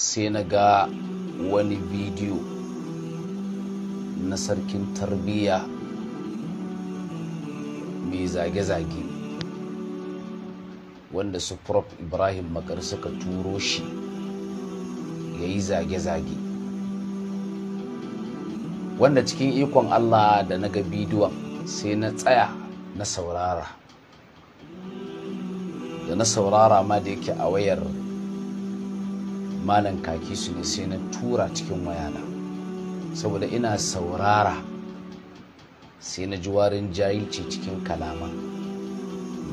sai na ga wani bidiyo na sarkin tarbiyya mai zage-zage wanda su prof ibrahim makar suka turo shi ya yi zage-zage wanda cikin ikon allah da na ga bidiyon sai na tsaya na saurara da na saurara ma da yake a wayar malam kaki su ne sai na tura cikin wayana saboda ina saurara sai na ji warin jahilci cikin kalama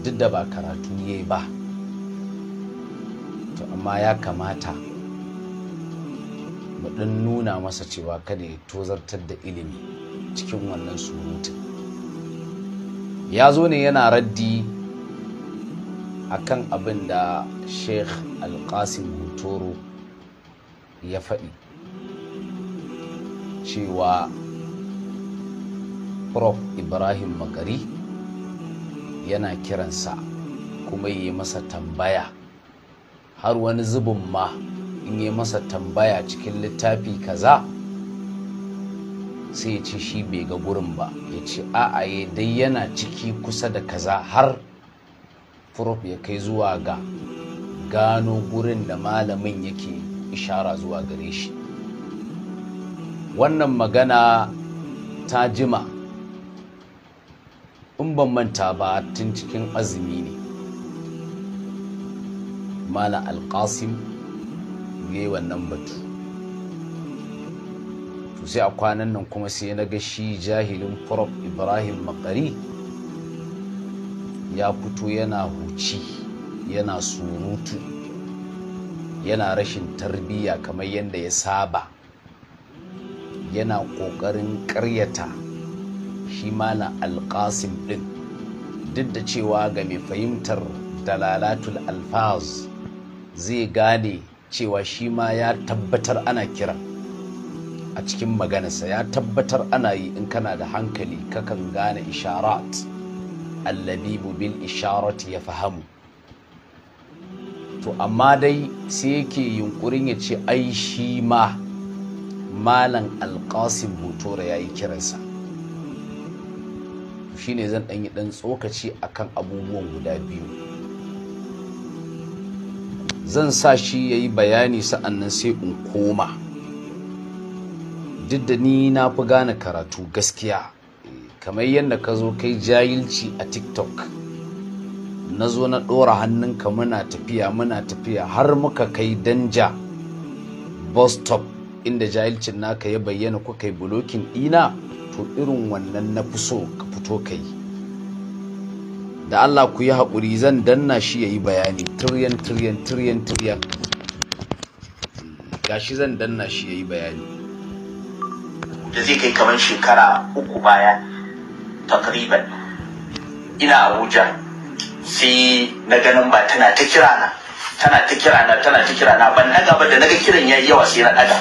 duk da ba karatu ya yi ba to amma ya kamata mu nuna masa cewa kada ya tozartar da ilimi cikin wannan surutun ya zo ne yana raddi akan abin da sheikh alkasim hutoro ya faɗi cewa prof ibrahim Magari yana kiransa kuma yi masa tambaya har wani zubin ma in yi masa tambaya cikin littafi kaza sai ya ce shi bai ga gurin ba ya ce a'aye eh, dai yana ciki kusa da kaza har prof ya kai zuwa ga gano gurin da malamin yake ishara zuwa gare shi wannan magana ta jima in ban manta ba tun cikin azumi ne mala alkasim ne wannan batu to sai a kwanan nan kuma sai na ga shi jahilin prof ibrahim makari ya fito yana huci yana surutu yana rashin tarbiyya kamar yadda ya saba yana ƙoƙarin ƙaryata shi malam alƙasim ɗin duk da cewa ga mai fahimtar dalalatul alfaz zai gane cewa shi ma ya tabbatar ana kira a cikin maganarsa ya tabbatar ana yi in kana da hankali kakan gane isharat allabibu bil isharat ya fahamu to amma dai sai yake yunkurin ya ce ai shi ma malam alkasim butora ya yi kiransa shi ne zan ɗanyi ɗan tsokaci akan abubuwan guda biyu zan sa shi ya yi bayani sa'annan sai in koma duk da ni na fi gane karatu gaskiya eh, kamar yadda ka zo kai jayilci a tiktok na zo na ɗora hannunka muna tafiya muna tafiya har muka kai danja bus stop inda jahilcin naka ya bayyana kuka yi bulokin dina, to irin wannan na fi so ka fito ka yi da Allah ku yi haƙuri zan danna shi ya yi bayani tiryan tiryan tiryan tiryan gashi zan danna shi ya yi bayani da zai kai kamar shekara uku baya takriban ina abuja sai na ganin ba tana ta kira na tana ta kira na tana ta kira na ban daga ba da naga kiran yayi yawa sai na daga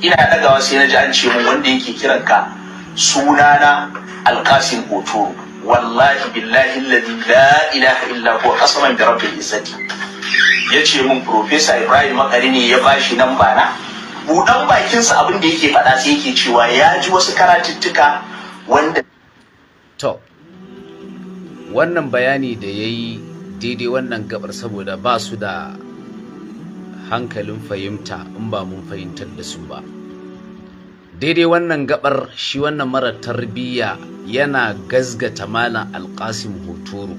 ina dagawa sai na ji an ce mun wanda yake kiran ka suna na alkasim kotoro wallahi billahi alladhi la ilaha illa huwa qasaman bi rabbil izzati yace mun professor Ibrahim Makari ne ya bashi nan na budan bakinsa abin da yake faɗa sai yake cewa ya ji wasu karatuttuka wanda to wannan bayani da ya yi daidai wannan gabar saboda ba su da hankalin fahimta in ba mun fahimtar da su ba daidai wannan gabar shi wannan mara tarbiyya yana gazgata malam alkasim hotoro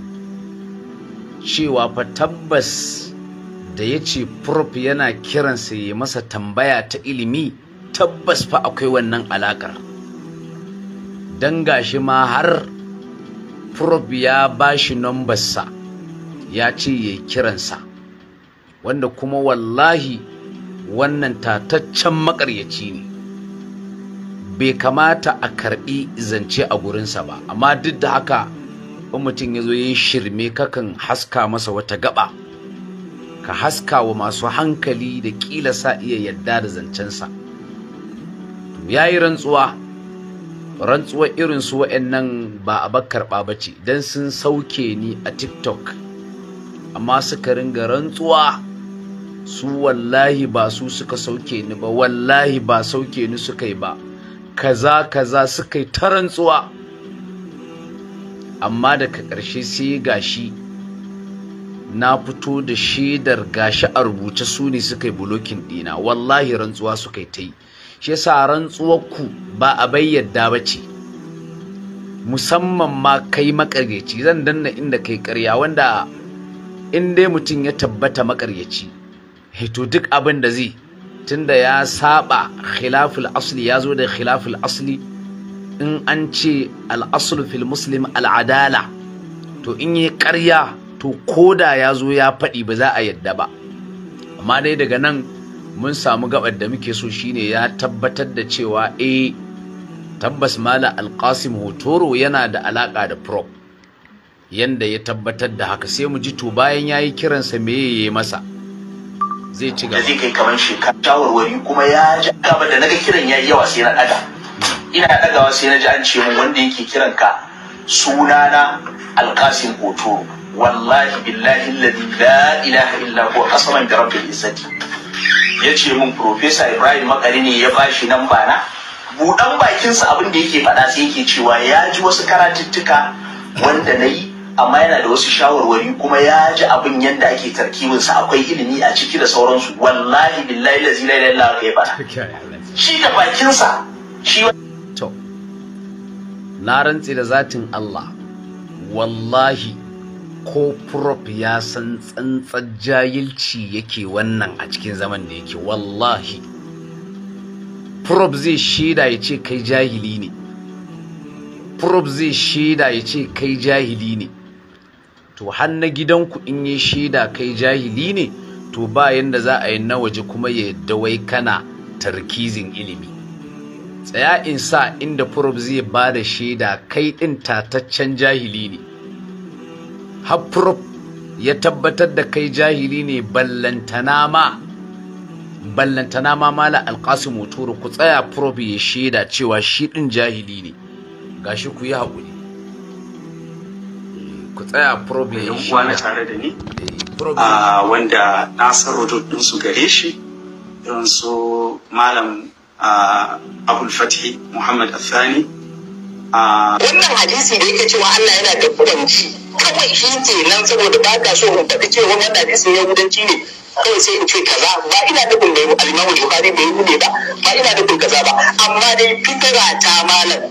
cewa fa tabbas da ya ce prof yana kiransa ya masa tambaya ta ilimi tabbas fa akwai wannan alakar don gashi ma har prof ya ba shi nambarsa ya ce ya yi kiransa wanda kuma wallahi wannan tataccen makaryaci ne bai kamata a karbi zance a gurinsa ba amma duk da haka in mutum ya zo ya shirme kakan haska masa wata gaba ka haska wa masu hankali da kila sa iya yadda da zancensa ya yi rantsuwa rantsuwar irin su wa'annan ba a bakar ba ce don sun sauke ni a tiktok amma suka ringa rantsuwa su wallahi ba su suka sauke ni ba wallahi ba sauke ni suka yi ba kaza kaza suka yi ta rantsuwa amma daga ƙarshe sai gashi na fito da shaidar gashi a rubuce su ne suka yi bulokin ɗina wallahi rantsuwa suka yi ta yi shi yasa ku ba a bayyada ba ce musamman ma kai makaryaci zan danna inda kai karya wanda in dai mutum ya tabbata makaryaci to duk abin da zai tunda ya saba khilaful asli ya zo da khilaful asli in an ce al'asul fil muslim al'adala to in yi karya to koda ya zo ya faɗi ba za a yadda ba amma dai daga nan mun samu gabar da muke so shine ya tabbatar da cewa eh tabbas mala alkasim hotoro yana da alaka da prop yanda ya tabbatar da haka sai mu ji to bayan ya yi kiransa me ya yi masa zai ci gaba zai kai kamar shekara shawarwari kuma ya ji gaba da naga kiran ya yawa sai na daga hmm. ina dagawa sai na ji an ce mun wanda yake kiran ka sunana alkasim hotoro wallahi billahi alladhi la ilaha illa huwa qasaman bi rabbil izzati ya ce mun profesa ibrahim makari ne ya bashi nan bana buɗan bakinsa abin da yake faɗa sai yake cewa ya ji wasu karatuttuka wanda na yi amma yana da wasu shawarwari kuma ya ji abin yadda ake tarkibinsa akwai ilimi a ciki da sauransu wallahi billahi la ilaha ya faɗa shi da bakinsa shi to na rantse da zatin Allah wallahi ko prop ya san tsantsar jahilci yake wannan a cikin zaman da yake wallahi prop zai shaida ya ce kai jahili ne prop zai shaida ya ce kai jahili ne to hannu na gidanku in yi shaida kai jahili ne to ba da za a yi na waje kuma ya yadda wai kana tarkizin ilimi tsaya in sa inda prop zai ba da shaida kai ɗin tataccen jahili ne hafrop ya tabbatar da kai jahili ne ballantana ma ballantana ma mala alƙasim motoro ku tsaya prof ya shaida cewa shi ɗin jahili ne ga shi ku yi haƙuri eh, ku tsaya prof ya shaida tare da ni eh, ah, wanda na saroto ɗin su gare shi don su malam ah, abul fatih muhammad athani ah, wannan hadisi da yake cewa allah yana da kudanci kawai shi nan saboda ba ka so in wani cewa sun hadisin yahudanci ne kawai sai in ce kaza ba ina nufin bai al Bukhari bai yi ne ba ba ina nufin kaza ba amma dai fitira ta malam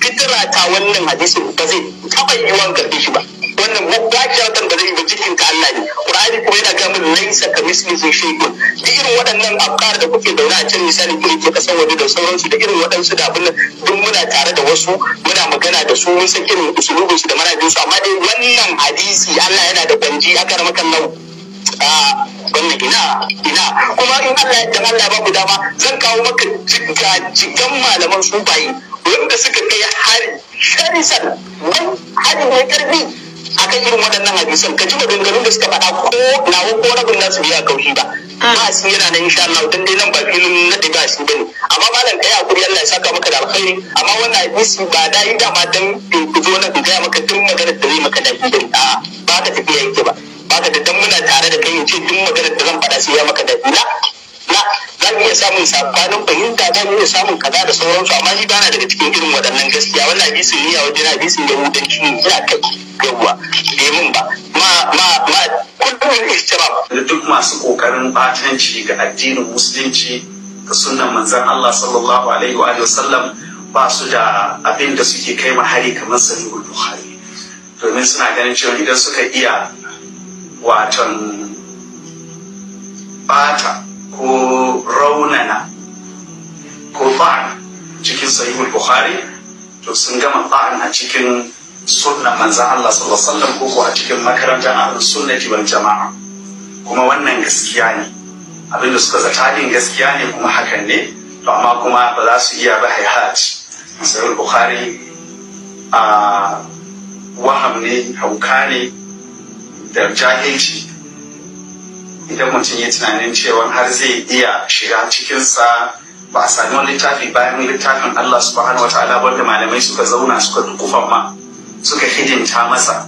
fitira ta wannan hadisin ba zai taɓa yiwuwan karɓe shi ba wannan mubaki watan ba zai yi ba jikin ka Allah ne qur'ani kuma yana ga laisa ka mislihi shay'un da irin waɗannan afkar da kuke daura a can misali kiri ke kasan waje da sauransu da irin waɗansu da abin duk muna tare da wasu muna magana da su mun san irin usulubin su da manajin su amma dai wannan hadisi Allah yana da banji aka ramakan nau wannan ina ina kuma in Allah ya Allah ba ku dama zan kawo maka jigan malaman sufayi wanda suka kai har sharisan har mai karfi kan irin waɗannan hadisan ka ji maganganun da suka faɗa ko na ko rabin nasu biya kaushi ba ah. ba su yana nan insha Allah dan dai nan ba filin na da ba su bane amma malam kai hakuri Allah ya saka maka da alkhairi amma wannan hadisi ba da yi dama dan ku zo na ku ga maka duk maganar da zai maka da shi a ba ka tafiya yake ba ba ka da dan muna tare da kai ce duk maganar da zan faɗa sai ya maka da ila za mu iya samun sabanin fahimta za mu iya samun kaza da sauransu amma ni bana daga cikin irin waɗannan gaskiya wannan hadisin ne a na hadisin yahudanci ne ya kai yawwa bai mun ba ma ma ma kullum ba. da duk masu kokarin batanci ga addinin musulunci da sunnan manzon Allah sallallahu alaihi wa sallam ba su da abin da suke kai mahari kamar sahihul bukhari domin suna ganin cewa idan suka iya watan bata ko raunana ko ba'an cikin sahihul bukhari to sun gama ba'an a cikin sunnan manza Allah sallallahu alaihi wasallam ko a cikin makarantar ahlus sunnati wal jama'a kuma wannan gaskiya ne abinda suka zata din gaskiya ne kuma hakan ne to amma kuma ba za su iya ba hayhat sahihul bukhari a ah, waham ne hauka ne da jahilci idan mutum ya tunanin cewa har zai iya shiga cikinsa ba a sami wani littafi bayan littafin Allah subhanahu wa ta'ala wanda malamai suka zauna suka dukufa ma suka hidinta masa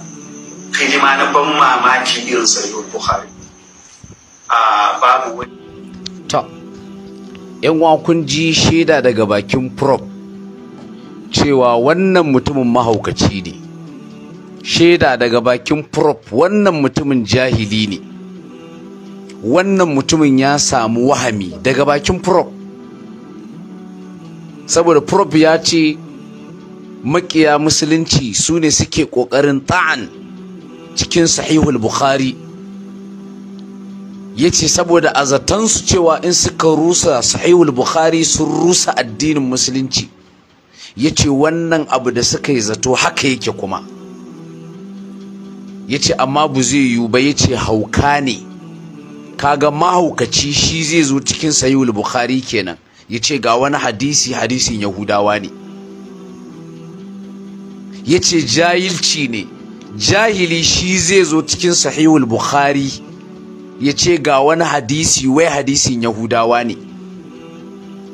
hidima na ban mamaki irin sayyid bukhari a babu wani to yan kun ji shaida daga bakin Prof cewa wannan mutumin mahaukaci ne shaida daga bakin Prof wannan mutumin jahili ne wannan mutumin ya samu wahami daga bakin prop saboda prop ya ce makiya musulunci su ne suke ƙoƙarin ta'an cikin sahihul bukhari ya ce saboda a su cewa in suka rusa sahihul bukhari sun rusa addinin musulunci ya ce wannan abu da suka yi zato haka yake kuma ya ce amma bu zai yi ba ya ce hauka ne kaga mahaukaci shi zai zo cikin sayul bukhari kenan ya ce ga wani hadisi hadisin yahudawa ne ya ce jahilci ne jahili shi zai zo cikin sahihul bukhari ya ce ga wani hadisi wai hadisin yahudawa ne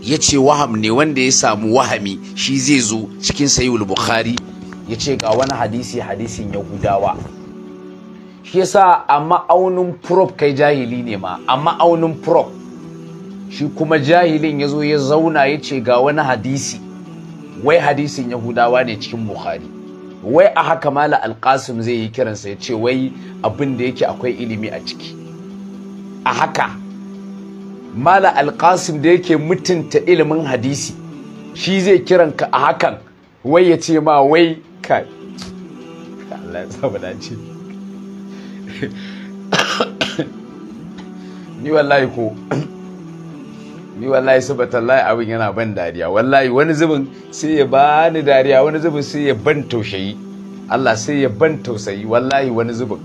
ya ce waham ne wanda ya samu wahami shi zai zo cikin sahihul bukhari ya ce ga wani hadisi hadisin yahudawa shi yasa a ma'aunin prop kai jahili ne ma a ma'aunin prop shi kuma jahilin ya zo ya zauna ya ce ga wani hadisi wai hadisin yahudawa ne cikin bukhari wai a haka mala alkasim zai yi kiransa ya ce wai abin da yake akwai ilimi a ciki a haka mala alkasim da yake mutunta ilimin hadisi shi zai kiranka a hakan wai ya ce ma wai kai ni wallahi ko ni wallahi subhanallahi abin yana ban dariya wallahi wani zubin sai ya ba ni dariya wani zubin sai ya ban taushayi Allah sai ya ban tausayi wallahi wani zubin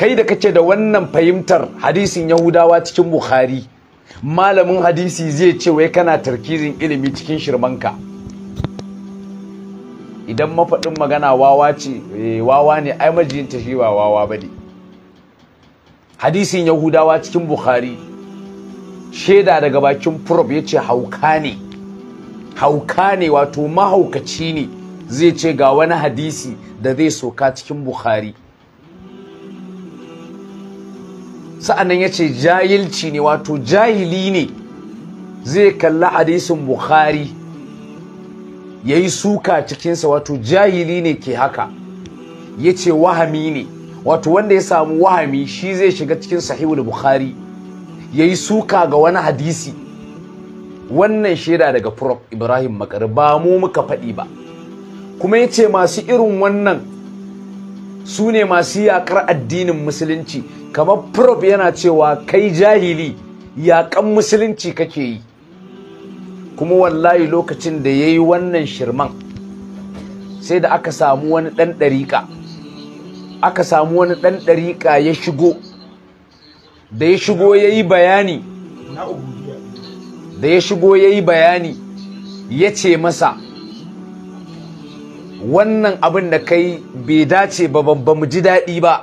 kai da kace da wannan fahimtar hadisin Yahudawa cikin Bukhari malamin hadisi zai ce wai kana tarkizin ilimi cikin shirmanka idan mafaɗin magana wawa ce eh, wawa ne ai majiyinta shi ba wawa ba ne hadisin yahudawa cikin bukhari shaida daga bakin prof ya ce hauka ne hauka ne wato mahaukaci ne zai ce ga wani hadisi da zai soka cikin bukhari sa'annan ya ce jahilci ne wato jahili ne zai kalla hadisin bukhari ya yi suka cikinsa wato jahili ne ke haka ya ce wahami ne wato wanda ya samu wahami shi zai shiga cikin sahihul bukhari ya yi suka ga wani hadisi wannan shaida daga prof ibrahim makar ba mu muka faɗi ba kuma ya ce masu irin wannan su ne masu yakar addinin musulunci kamar prof yana cewa kai jahili yakan musulunci kake yi kuma wallahi lokacin da ya yi wannan shirman sai da aka samu wani ɗan ɗariƙa aka samu wani ɗan ɗariƙa ya shigo da ya shigo ya yi bayani da ya shigo ya yi bayani ya ce masa wannan abin da kai bai dace ba ba mu ji daɗi ba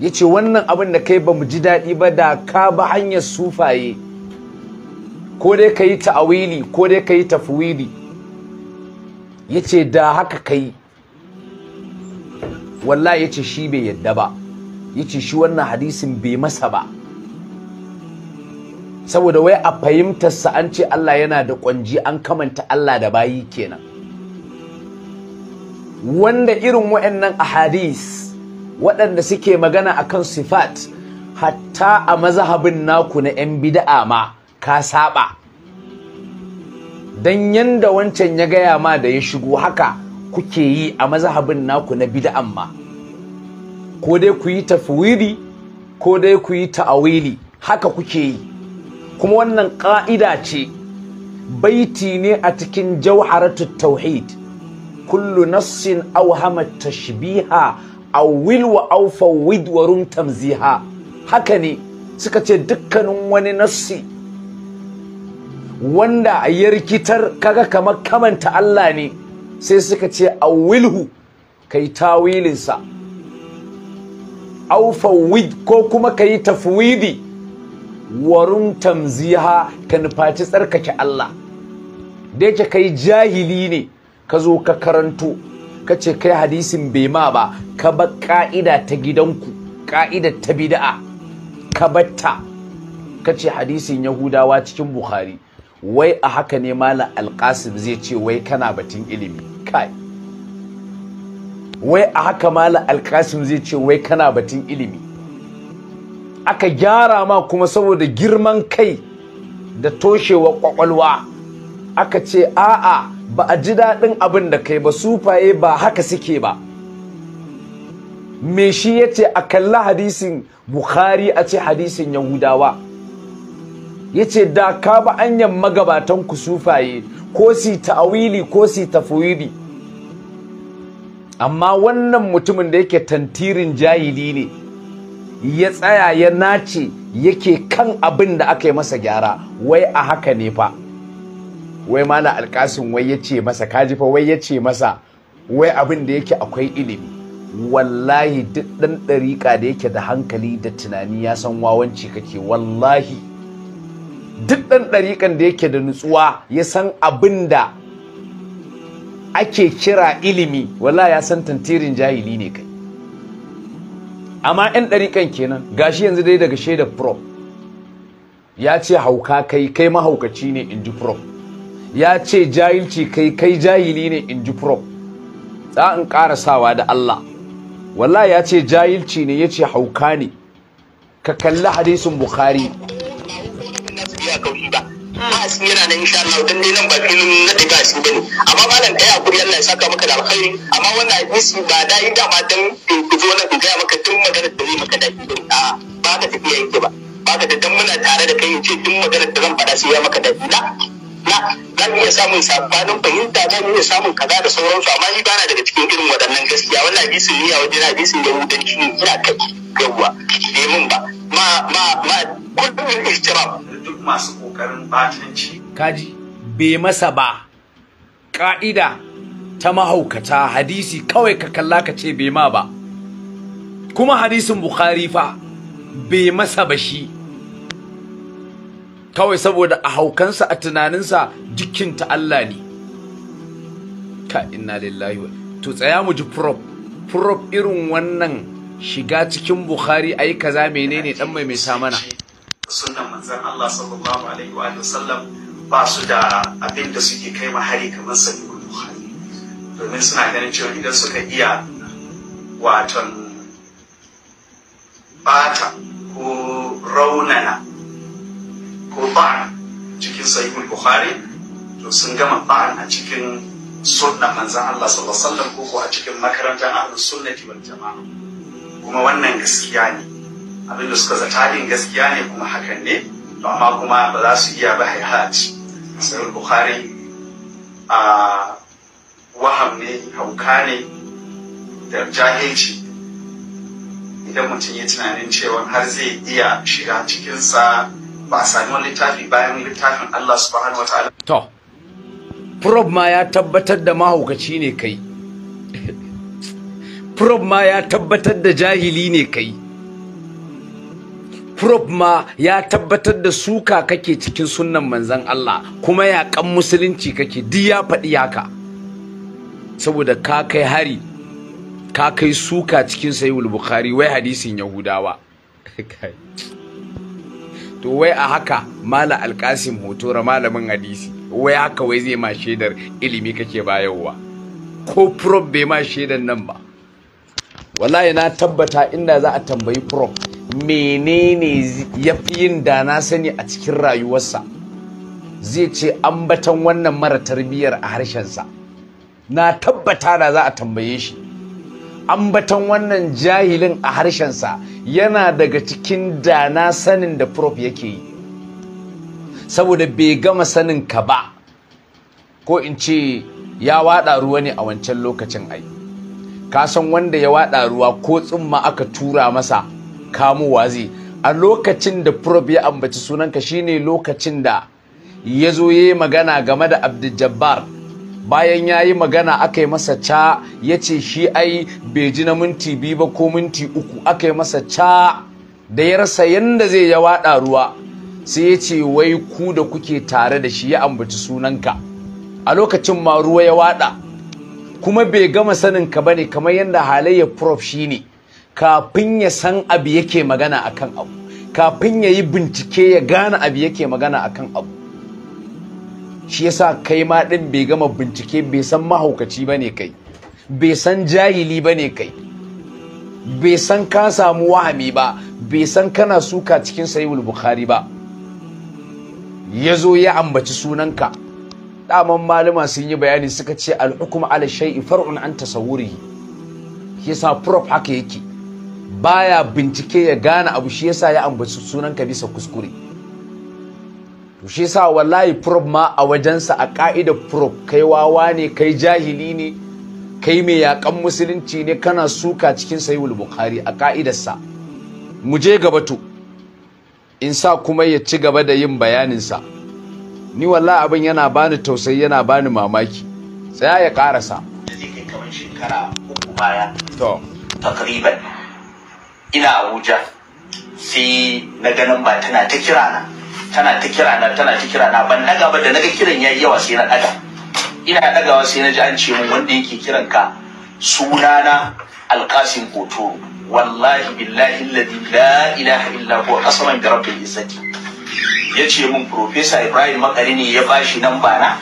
ya ce wannan abin da kai ba mu ji daɗi ba da ka ba hanyar sufaye ko dai ka yi ta'awili ko dai ka yi tafwili ya ce da haka ka yi wallahi ya ce shi bai yadda ba ya ce shi wannan hadisin bai masa ba saboda wai a fahimtarsa an ce Allah yana da ƙwanji an kamanta Allah da bayi kenan wanda irin waɗannan ahadis waɗanda suke magana akan sifat hatta a mazhabin naku na 'yan bida'a ma ka saba dan yanda wancan ya gaya ma da ya shigo haka kuke yi a mazhabin naku na bid'an ma ko dai ku yi tafwidi ko dai ku yi ta'awili haka kuke yi kuma wannan ƙa'ida ce baiti ne a cikin jawharatu tauhid kullu nassin awhama tashbiha wil wa aw fawid wa rum tamziha haka ne suka ce dukkanin wani nassi wanda a yarkitar kaga kamar kamanta Allah ne sai suka ce a awilhu kai tawilinsa aufawid ko kuma kai tafwidi warun tamziha ka nufaci tsarkake Allah da yake kai jahili ne ka zo ka karanto ka ce kai hadisin bai ma ba ka ba ka'ida ta gidanku ka'idar ta bida'a ka batta ka ce hadisin yahudawa cikin buhari wai a haka ne malam alkasim zai ce wai kana batun ilimi kai wai a haka malam alkasim zai ce wai kana batun ilimi aka gyara ma kuma saboda girman kai da toshewar kwakwalwa aka ce a'a ba a ji daɗin abin da kai ba sufaye ba haka suke ba me shi ya ce a kalli hadisin bukhari a ce hadisin yahudawa ya ce da ka ba anyan magabatan ku sufaye ko si awili ko si tafwidi amma wannan mutumin da yake tantirin jahili ne ya tsaya ya nace yake kan abin da aka yi masa gyara wai a haka ne fa wai mala alkasin wai ya ce masa kaji fa wai ya ce masa wai abin da yake akwai ilimi wallahi duk ɗan ɗariƙa da yake da hankali da tunani ya san wawanci kake wallahi duk ɗan ɗariƙan da yake da nutsuwa ya san abin da ake kira ilimi wala ya san tantirin jahili ne kai amma 'yan ɗariƙan kenan gashi yanzu dai daga shaida prof ya ce hauka kai kai mahaukaci ne in ji prof ya ce jahilci kai kai jahili ne in ji prof za in sawa da Allah wala ya ce jahilci ne ya ce hauka ne ka kalli hadisin bukhari asiri yana nan insha Allah dan dai nan ba filin na da asiri bane amma malam kai hakuri Allah ya saka maka da alkhairi amma wannan hadisi ba da yi dama dan ku zo na ku ga maka tun magana da ni maka da a ba ka tafi yake ba ba ka da dan muna tare da kai ce tun magana da zan faɗa shi ya maka da na na za mu iya samun sabanin fahimta za mu iya samun kaza da sauransu amma ni na daga cikin irin waɗannan gaskiya wannan hadisin ni a wajen hadisin yahudanci ne ina kai yawwa ne mun ba ma ma ma kullum ihtiram duk masu ƙoƙarin batanci. Kaji bai masa ba, ƙa'ida ta mahaukata hadisi kawai ka kalla ka ce bai ma ba. Kuma hadisin Bukhari fa bai masa ba shi. Kawai saboda a haukansa a tunaninsa jikinta Allah ne. Ka inna lillahi wa to tsaya mu ji prop prop irin wannan shiga cikin Bukhari ayi kaza menene dan mai mai mana. Sunan manzan Allah sallallahu alaihi wa sallam ba su da abin da suke kai hari kamar sahihul bukhari domin suna ganin cewa idan suka iya waton bata ko raunana ko ba'an cikin sahihul bukhari to sun gama ba'an a cikin sunan manzan Allah sallallahu alaihi wa sallam ko a cikin makarantar ahlus sunnati wal jama'a kuma wannan gaskiya ne abin da suka zata din gaskiya ne kuma hakan ne to amma kuma ba za su iya ba haihat sai bukhari a waham ne hauka ne da jahilci idan mutum ya tunanin cewa har zai iya shiga cikinsa ba a sami wani littafi bayan littafin Allah subhanahu wa ta'ala. To, Prob ma ya tabbatar da mahaukaci ne kai. Prob ma ya tabbatar da jahili ne kai. prof ma ya tabbatar da suka kake cikin sunan manzan Allah kuma ya kan musulunci kake duk ya faɗi yaka saboda ka kai hari ka kai suka cikin sayyul bukhari wai hadisin yahudawa to wai a haka mala alkasim hotora malamin hadisi wai haka wai zai ma shaidar ilimi kake bayarwa ko prof bai ma shaidar nan ba wallahi na tabbata inda za a tambayi prof menene ya fi yin da na sani a cikin rayuwarsa zai ce batan wannan mara tarbiyyar a harshensa na tabbata da za a tambaye shi batan wannan jahilin a harshensa yana daga cikin da na sanin da prof yake yi saboda bai gama sanin ka ba ko in ce ya wada ruwa ne a wancan lokacin ai ka san wanda ya wada ruwa ko tsumma aka tura masa kamowa zai a lokacin da prof ya ambaci sunanka shine lokacin da ya zo ya yi magana game da abdujabbar bayan ya yi magana aka yi masa ca ya ce shi ai bai ji na minti biyu ba ko minti uku aka yi masa ca da ya rasa yadda zai ya waɗa ruwa sai ya ce wai ku da kuke tare da shi ya ambaci sunanka a lokacin ma ruwa ya waɗa kuma bai gama saninka ba ne kamar yadda halayyar prof shi ne kafin ya san abu yake magana akan abu kafin ya yi bincike ya gane abu yake magana akan abu shi yasa kai ma ɗin bai gama bincike bai san mahaukaci ba ne kai bai san jahili ba kai bai san ka samu wahami ba bai san kana suka cikin sayul bukhari ba ya zo ya ambaci sunanka daman malama sun yi bayani suka ce al'ukuma ala shay'i far'un an tasawurihi yasa prof haka yake baya bincike ya gane abu shi yasa ya ambaci sunan ka bisa kuskure to shi yasa wallahi prob ma a wajensa a ka'ida prob kai wawa ne kai jahili ne kai mai yakan musulunci ne kana suka cikin sayyul bukhari a ka'idarsa mu je gaba to in sa kuma ya ci gaba da yin bayanin sa ni wallahi abin yana bani tausayi yana bani mamaki tsaya ya karasa zai kai kamar shekara uku baya takriban ina abuja sai na ganin ba tana ta kira na tana ta kira na tana ta kira na ban daga ba da naga kiran yayi yawa sai na daga ina dagawa sai na ji an ce mun wanda yake kiran ka sunana alkasim koto wallahi billahi alladhi la ilaha illa huwa qasaman bi rabbil izzati yace mun professor ibrahim makari ne ya bashi nan na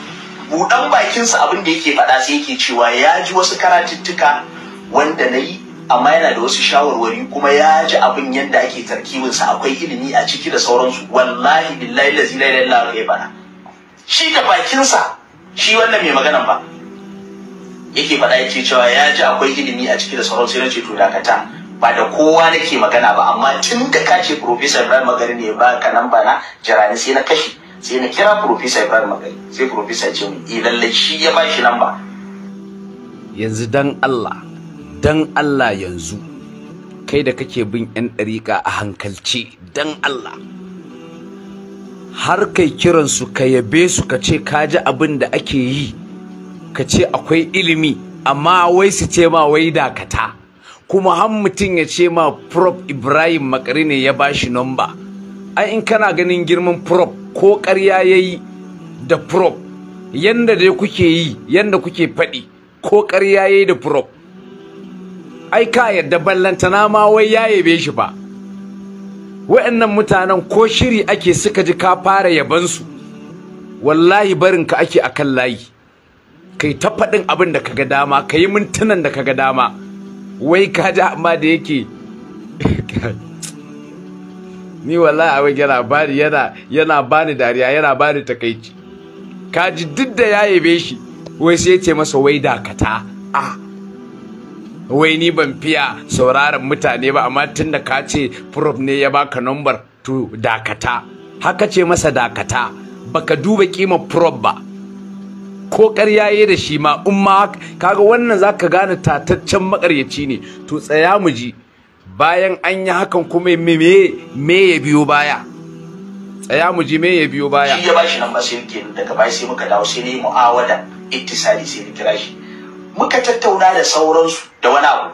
budan bakinsa abin da yake faɗa sai yake cewa ya ji wasu karatuttuka wanda na yi amma yana da wasu shawarwari kuma ya ji abin yadda ake tarkibinsa akwai ilimi a ciki da sauransu wallahi billahi lazi la ilaha illa ya bana shi da bakinsa shi wannan mai maganan ba yake faɗa ce cewa ya ji akwai ilimi a ciki da sauransu yana ce to dakata ba da kowa nake magana ba amma tun da ka ce professor Ibrahim Magari ne ba ka nan bana jirani sai na kashi sai na kira professor Ibrahim Magari sai professor ya ce mu eh shi ya ba shi nan ba yanzu dan Allah dan Allah yanzu kai da kake bin 'yan ɗariƙa a hankalce dan Allah har kai kiransu ka yabe su ka ce ka ji abin da ake yi ka ce akwai ilimi amma wai su ce ma wai dakata kuma har mutum ya ce ma prof ibrahim makari ne ya bashi nomba ai in kana ganin girman prof ko ƙarya ya yi da prof yanda dai kuke yi yanda kuke faɗi ko ƙarya ya yi da prof ai ka yadda ballantana ma wai ya yabe shi ba wa'annan mutanen ko shiri ake suka ji ka fara yabansu wallahi barin ka ake akan layi kai ta faɗin abin da kaga dama ka yi mintunan da kaga dama wai ka ji amma da yake ni wallahi abin yana bani yana yana bani dariya yana bani takaici ka ji duk da ya yabe shi wai sai ya ce masa wai dakata a ah. wai ni ban fiya sauraron mutane ba amma tun da ka ce prof ne ya baka nambar to dakata haka ce masa dakata baka duba kima prof ba ko ƙarya ya da shi ma in ma kaga wannan za ka gane tataccen makaryaci ne to tsaya mu ji bayan an yi hakan kuma me me ya biyo baya tsaya mu ji me ya biyo baya shi ya bashi nan ba sai daga bai sai muka dawo sai ne mu'awada ittisali sai ni kira shi muka tattauna da sauransu da wani abu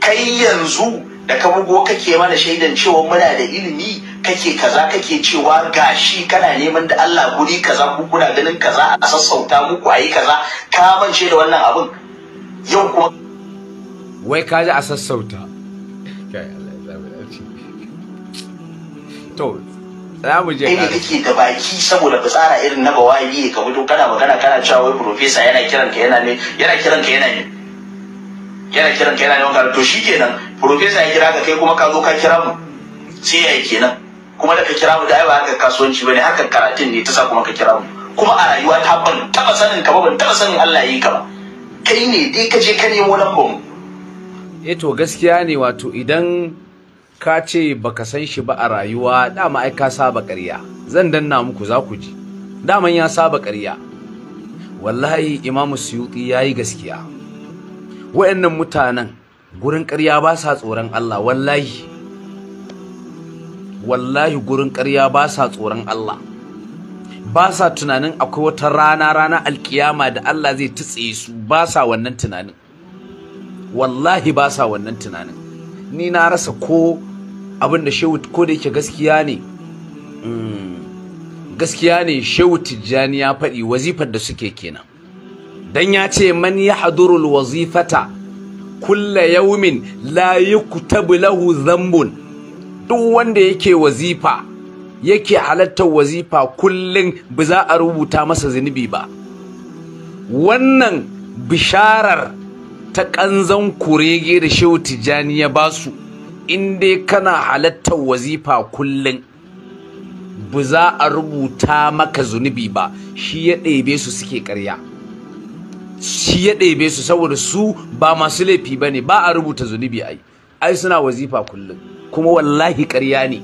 kai yanzu da ka bugo kake mana shaidan cewa muna da ilimi kake kaza kake cewa gashi kana neman da Allah guri kaza ku kuna ganin kaza a sassauta muku ayi kaza ka mance da wannan abin yau kuma wai ka ji a sassauta to za mu je kai kake da baki saboda ba tsara irin na bawayi ka fito kana magana kana cewa wai professor yana kiran ka yana ne yana kiran ka yana ne yana kiran ka yana ne wanka to shikenan professor ya kira ka kai kuma ka zo ka kira mu sai yayi kenan kuma da ka kira mu da ai ba haka kasuwanci bane haka karatun ne ta sa kuma ka kira mu kuma a rayuwa ta ban taba sanin ka ba ban taba sanin Allah ya yi ka ba kai ne dai ka je ka nemo lambar mu eh to gaskiya ne wato idan ka ce baka san shi ba a rayuwa dama ai ka saba ƙarya zan danna muku za ku ji daman ya saba ƙarya wallahi imamu suyuti ya yi gaskiya wayannan mutanen gurin ƙarya ba sa tsoron Allah wallahi wallahi gurin ƙarya ba sa tsoron Allah ba sa tunanin akwai wata rana rana alkiyama da Allah zai tutse su ba sa wannan tunanin wallahi ba sa wannan tunanin ni na rasa ko abin da shehu ko da yake gaskiya ne mm. gaskiya ne shehu tijjani ya faɗi wazifar da suke kenan dan ya ce man ya hadurul wazifata kulla yawmin la yuktabu lahu zambun duk wanda yake wazifa yake halartar wazifa kullum ba za a rubuta masa zunubi ba wannan bisharar ta ƙanzan kurege da shehu tijjani ya ba su in dai kana halattar wazifa kullum bu za a rubuta maka zunubi ba shi ya ɗebe su suke ƙarya shi ya ɗebe su saboda su ba masu laifi ba ne ba a rubuta zunubi ai ai suna wazifa kullum kuma wallahi ƙarya ne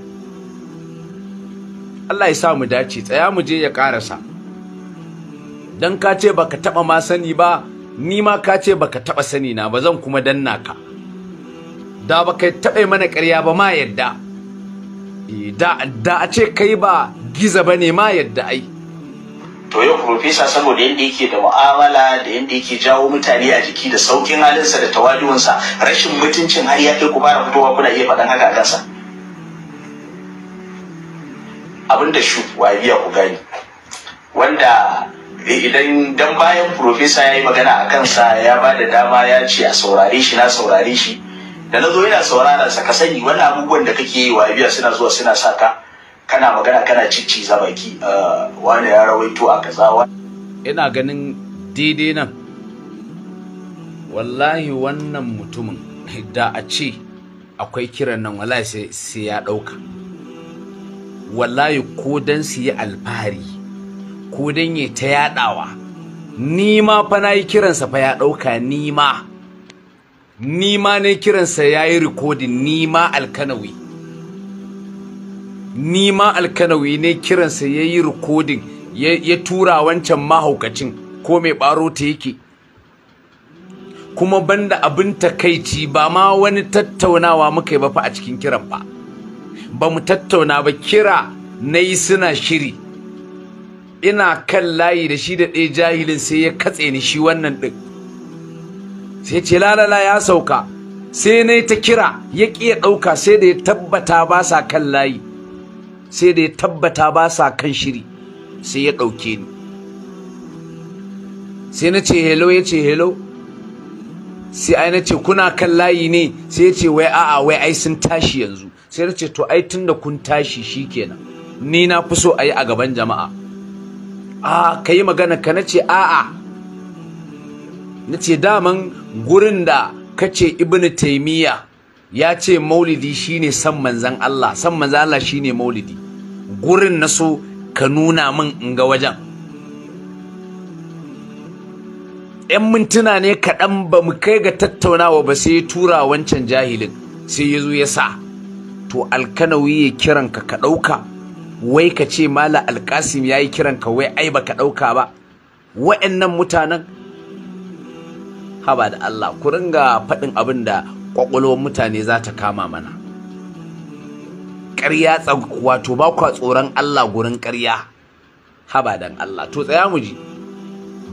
Allah ya sa mu dace tsaya mu je ya karasa. don ka ce baka taɓa ma sani ba ni ma ka ce baka taba sani na ba zan kuma danna ka da baka taɓa mana ƙarya ba ma yadda e, da a ce kai ba giza ba ne ma yadda ai to ya profesa saboda yadda yake da mu'amala da yadda yake jawo mutane a jiki da saukin halinsa da tawaduwansa rashin mutuncin har ya kai ku fara fitowa kuna iya faɗan haka a kansa abin shu wa biya ku gani wanda Eh, idan dan bayan profesa ya yi magana a kansa ya ba da dama ya ce a saurare shi na saurare shi da na zo yana saurara sa ka sani wani abubuwan da kake yi wa biya suna zuwa suna sa ka kana magana kana cicci baki eh, wani ya rawaito a kaza ina ganin daidai nan wallahi wannan mutumin da a ce akwai kiran nan wallahi sai ya ɗauka wallahi ko dan su yi alfahari ko dan ya ta yadawa ni ma fa nayi kiransa fa ya dauka ni ma ni ma ne kiransa yayi recording ni ma alkanawi ni ma alkanawi ne kiransa yayi recording ya tura wancan mahaukacin ko mai baro ta yake kuma banda abin takaici ba ma wani tattaunawa muka yi ba fa a cikin kiran ba ba mu tattauna ba kira na yi suna shiri ina kan layi da shi da ɗaya jahilin sai ya katse ni shi wannan ɗin sai ce lalala ya sauka sai na ta kira ya ƙi ya ɗauka sai da ya tabbata ba sa kan layi sai da ya tabbata ba sa kan shiri sai ya ɗauke ni sai na ce hello ya ce hello sai ai na ce kuna kan layi ne sai ya ce wai a'a wai ai sun tashi yanzu sai na ce to ai tun da kun tashi shikenan ni na fi so a yi a gaban jama'a a ka yi magana ka nace a'a nace daman gurin da kace ibnu taymiya ya ce maulidi shine san manzan Allah san manzan Allah shine maulidi gurin na so ka nuna min in ga wajen ‘yan mintuna ne kaɗan ba mu kai ga tattaunawa ba sai ya tura wancan jahilin sai ya zo ya sa to alkanawi ya kiranka ka ɗauka wai ka ce mala alkasim ya yi kiran ka wai ai baka ɗauka ba wa'annan mutanen haba da Allah ku ringa faɗin abin da ƙwaƙwalwar mutane za ta kama mana ƙarya wato ba kwa tsoron Allah gurin ƙarya haba dan Allah to tsaya mu ji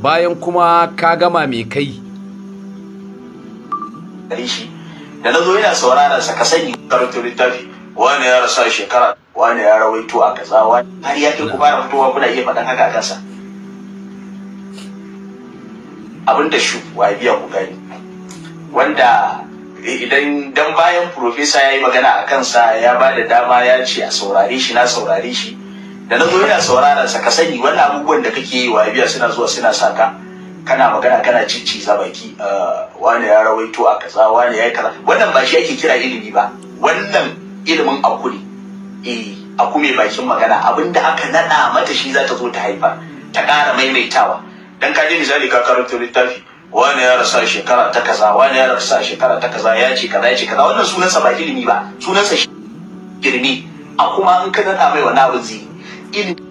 bayan kuma ka gama mai kai da na zo yana saurara sa ka sani littafi wani ya rasa shekara wani ya rawaito a kaza wani har ya ke kuma fitowa kuna iya faɗan haka a kansa abin da shu wa biya ku gani wanda idan dan bayan profesa ya yi magana a kansa ya ba da dama ya ce a saurare shi na saurare shi da na zo yana saurara sa ka sani wannan abubuwan da kake yi wa biya suna zuwa suna sa ka kana magana kana cici za baki ah, wani ya rawaito a kaza wani ya yi kaza wannan ba shi ake kira ilimi ba wannan ilimin aku ne eh aku mai bakin magana abinda aka nada mata shi za ta zo ta haifa ta ƙara maimaitawa dan ka je misali ka karanta littafi wani ya rasa shekara ta kaza wani ya rasa shekara ta kaza ya ce kaza ya ce kaza wannan sunansa ba ilimi ba sunansa girmi a kuma in ka nada mai wani abu zai ilimi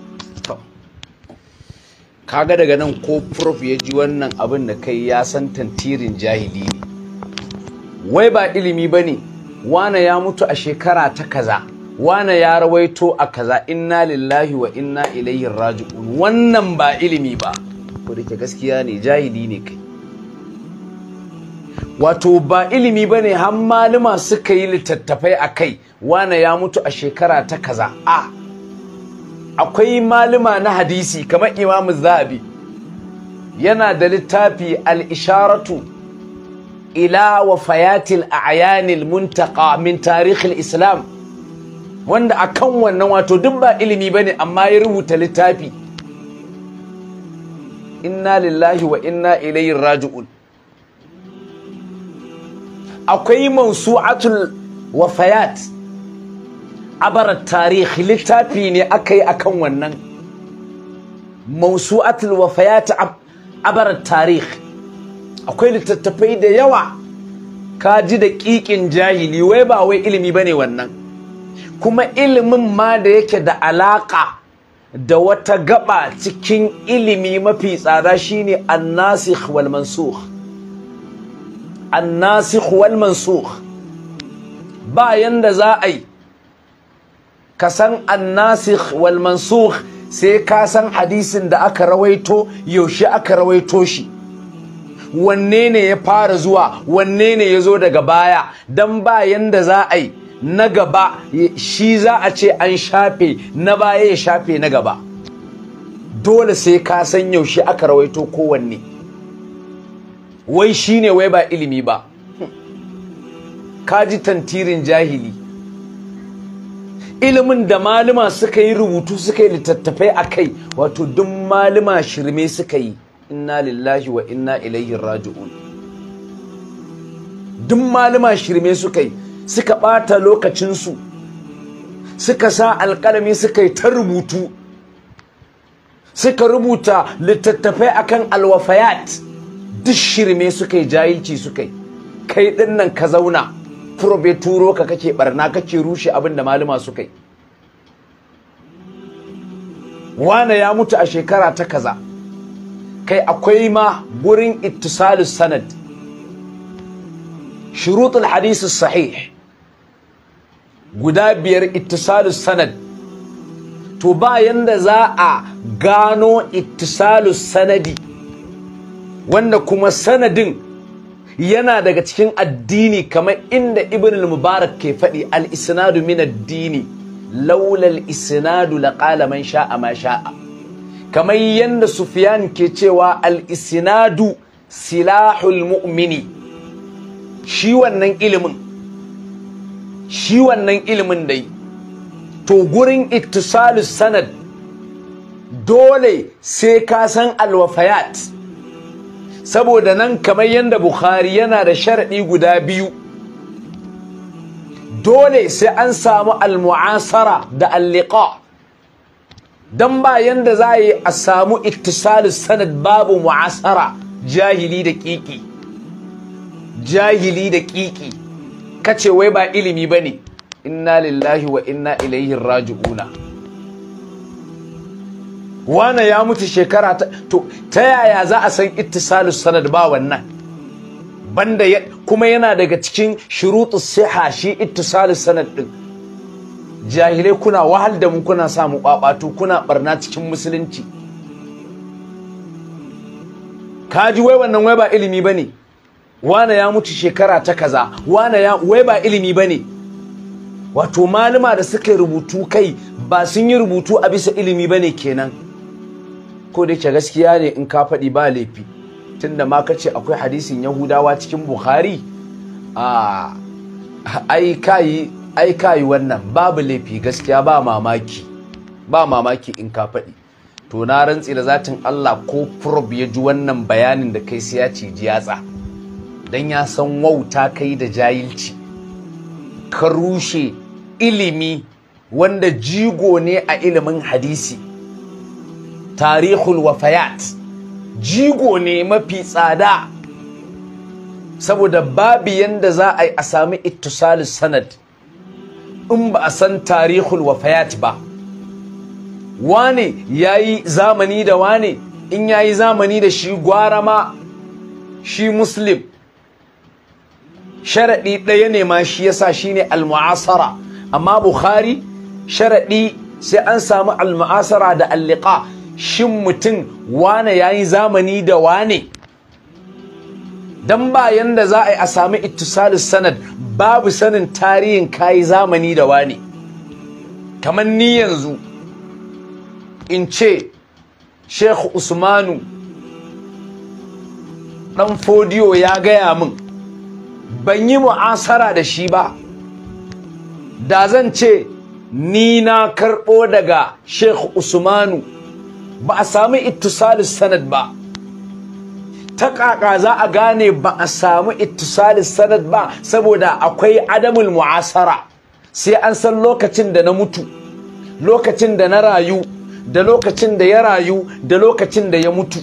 kaga daga nan ko prof ya ji wannan abin da kai ya san tantirin jahili ne wai ba ilimi ba ne wane ya mutu a shekara ta kaza wane ya rawaito a kaza inna lillahi wa inna ilayhi raji'un wannan ba ilimi ba ko da gaskiya ne jahili ne kai wato ba ilimi ba ne har malama suka yi littattafai a kai wane ya mutu a shekara ta kaza a akwai malama na hadisi kamar imamu zahabi yana da littafi al-isharatu ila wafayatil a'yanil muntaka min tarihil islam wanda akan wannan wato duk ba ilimi ne amma ya rubuta littafi inna lillahi wa inna ilayin raju'un. akwai mansu'atul wafayat abarar tarihi littafi ne aka yi akan wannan mansu'atul wafayat abarar tarihi akwai littattafai da yawa ka ji da ƙiƙin jahili wai ba wai ilimi ba ne wannan kuma ilimin ma da yake da alaƙa da wata gaba cikin ilimi mafi tsada shine annasikh wal mansukh annasikh wal mansukh ba yanda za a yi ka san annasikh wal mansukh sai ka san hadisin da aka rawaito yaushe aka rawaito shi wanne ne ya fara zuwa wanne ne ya zo daga baya don bayan da za a yi na gaba shi za a ce an shafe na baya ya shafe na gaba dole sai ka san yaushe aka rawaito kowanne wai shi ne wai ba ilimi ba kaji tantirin jahili ilimin da malama suka yi rubutu suka yi littattafai a kai wato duk malama shirme suka yi inna lillahi wa inna ilaihi raji'un duk malama shirme suka yi suka ɓata lokacinsu suka sa alƙalami suka yi ta rubutu suka rubuta littattafai akan alwafayat duk shirme suka yi jahilci suka yi kai ɗin nan ka zauna turo ka kake barna kake rushe abin da malama suka yi wane ya mutu a shekara ta kaza kai akwai ma gurin ittisalus sanad shurutul hadisi sahih guda biyar ittisalus sanad to bayan da za a gano ittisalu sanadi wanda kuma sanadin yana daga cikin addini kamar inda ibn al-mubarak ke faɗi al-isnadu min addini laula al-isnadu laqala man sha'a ma sha'a kamar yadda Sufyan ke cewa al’isinadu silahul mu'mini shi wannan ilimin shi wannan ilimin dai to gurin ittisalus sanad dole sai ka san alwafayat saboda nan kamar yadda Bukhari yana da sharaɗi guda biyu dole sai an samu almu'asara da alliqa Don ba yanda za a yi a samu ittisalus sanad babu mu'asara jahili da kiki jahili da kiki kace wai ba ilimi bane inna lillahi wa inna ilaihi raji'una wana ya mutu shekara ta ta yaya za a san ittisalus sanad ba wannan banda kuma yana daga cikin shurutus siha shi ittisalus sanad din jahilai kuna wahal da mu kuna samu ɓaɓatu kuna barna cikin musulunci kaji wai wannan wai ba ilimi ba ne wane ya mutu shekara ta kaza wane ya wai ba ilimi ba ne wato malama da suka rubutu kai ba sun yi rubutu a bisa ilimi ba ne kenan ko da ke gaskiya ne in ka faɗi ba laifi tunda ma kace akwai hadisin yahudawa cikin bukhari a ah, ai ai kayi wannan babu laifi gaskiya ba mamaki ba mamaki in ka faɗi to na rantsi da zatin Allah ko prob ya ji wannan bayanin da kai sai ya ciji yatsa dan ya san wauta kai da jahilci ka rushe ilimi wanda jigo ne a ilimin hadisi tarihul wafayat jigo ne mafi tsada saboda babu yanda za a yi a sami ittisalus sanad in ba a san tarihul wafayat ba wane ya yi zamani da wane in ya yi zamani da shi gwara ma shi muslim sharaɗi ɗaya ne ma shi yasa shi ne almu'asara amma bukhari sharaɗi sai an samu almu'asara da alliƙa shin mutum wane ya yi zamani da wane dan ba yanda za a yi a sami ittisalus sanad babu sanin tarihin kayi zamani da wani kamar ni yanzu in ce Sheikh Usmanu dan fodiyo ya gaya min ban yi mu'asara da shi ba da zan ce ni na karɓo daga Sheikh Usmanu ba a sami ittisalin sanad ba ta kaka za a gane ba a samu ittisalin sanad ba saboda akwai adamul mu'asara sai an san lokacin da na mutu lokacin da na rayu da lokacin da ya rayu da lokacin da ya mutu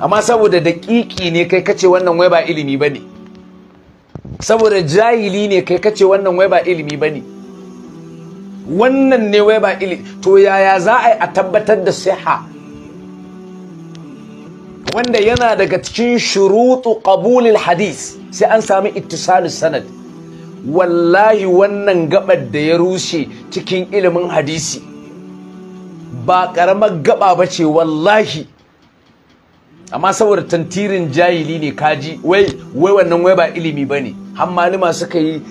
amma saboda daƙiƙi ne kai kace wannan wai ba ilimi ba ne. saboda jahili ne kai kace wannan wai ba ilimi ba ne. wannan ne wai ba ilimi to yaya za a yi a tabbatar da siha wanda yana daga cikin shurutu ƙabulil hadis sai an sami ittisalus sanad wallahi wannan gabar da ya rushe cikin ilimin hadisi ba karamar gaba ba ce wallahi amma saboda tantirin jahili ne kaji wai wai wannan wai ba ilimi ba ne har malama suka yi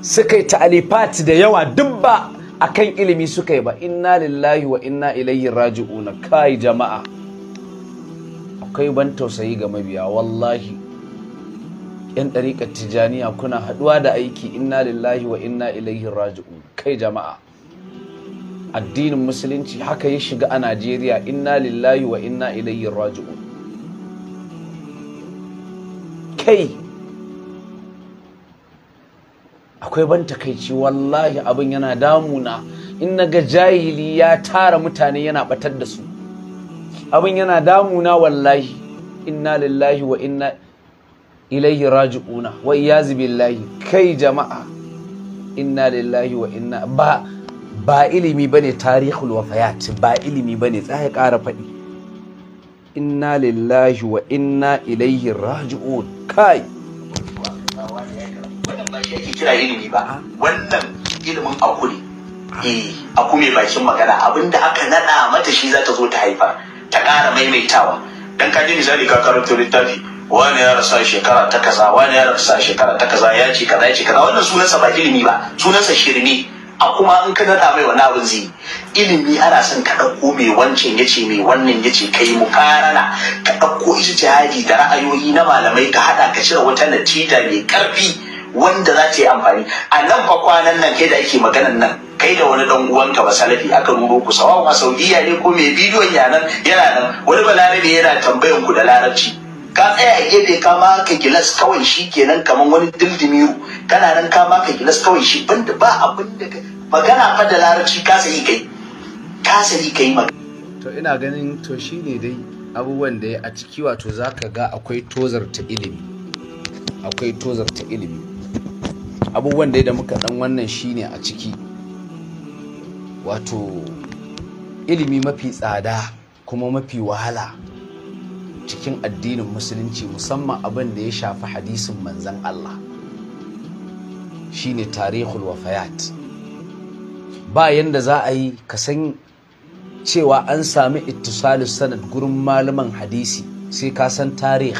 suka yi ta'alifat da yawa duk ba a kan ilimi suka yi ba inna lillahi wa inna ilayhi raji'una kai jama'a akwai ban tausayi ga mabiya wallahi yan ɗariƙar tijaniya kuna haɗuwa da aiki inna lillahi wa inna ilaihi raji'un kai jama'a addinin musulunci haka ya shiga a najeriya inna lillahi wa inna ilaihi raji'un kai akwai ban takaici wallahi abin yana damuna in na ga jahili ya tara mutane yana batar da su abin yana damuna wallahi inna lillahi wa inna ilaihi raji'una wa iyazi billahi kai jama'a inna lillahi wa inna ba ba ilimi bane tarihul wafayat ba ilimi bane tsaya ƙara faɗi inna lillahi wa inna ilaihi raji'un kai wannan ba shi ake kira ilimi ba wannan ilimin akuri eh akume bakin magana abinda aka nada mata shi za ta zo ta haifa ta ƙara maimaitawa dan ka ji misali ka karanto littafi wani ya rasa shekara ta kaza wani ya rasa shekara ta kaza ya ce kaza ya ce kaza wannan sunansa ba ilimi ba sunansa shirme a kuma in ka nada mai wani abin zai ilimi ana son ka ɗauko mai wancan ya ce mai wannan ya ce ka yi mukarana ka ɗauko jihadi da ra'ayoyi na malamai ka haɗa ka cire wata natija mai ƙarfi wanda za ta yi amfani a nan fa kwanan nan kai da ake maganan nan kai da wani dan uwanka ba salafi aka nuno ku sawa a saudiya ne ko mai bidiyon yanan yana nan wani balarabe yana tambayan ku da larabci ka tsaya a gefe ka maka gilas kawai shi kenan kamar wani dildimiru kana nan ka maka gilas kawai shi banda ba abin da magana fa da larabci ka sayi kai ka sai kai magana to ina ganin to shine dai abubuwan da a ciki wato zaka ga akwai tozarta ilimi akwai tozarta ilimi abubuwan da muka dan wannan shine a ciki wato ilimi mafi tsada kuma mafi wahala cikin addinin musulunci musamman abin da ya shafi hadisin manzan Allah shine tarihul wafayat ba yanda za a yi ka san cewa an sami ittisalus sanad gurin malaman hadisi sai ka san tarih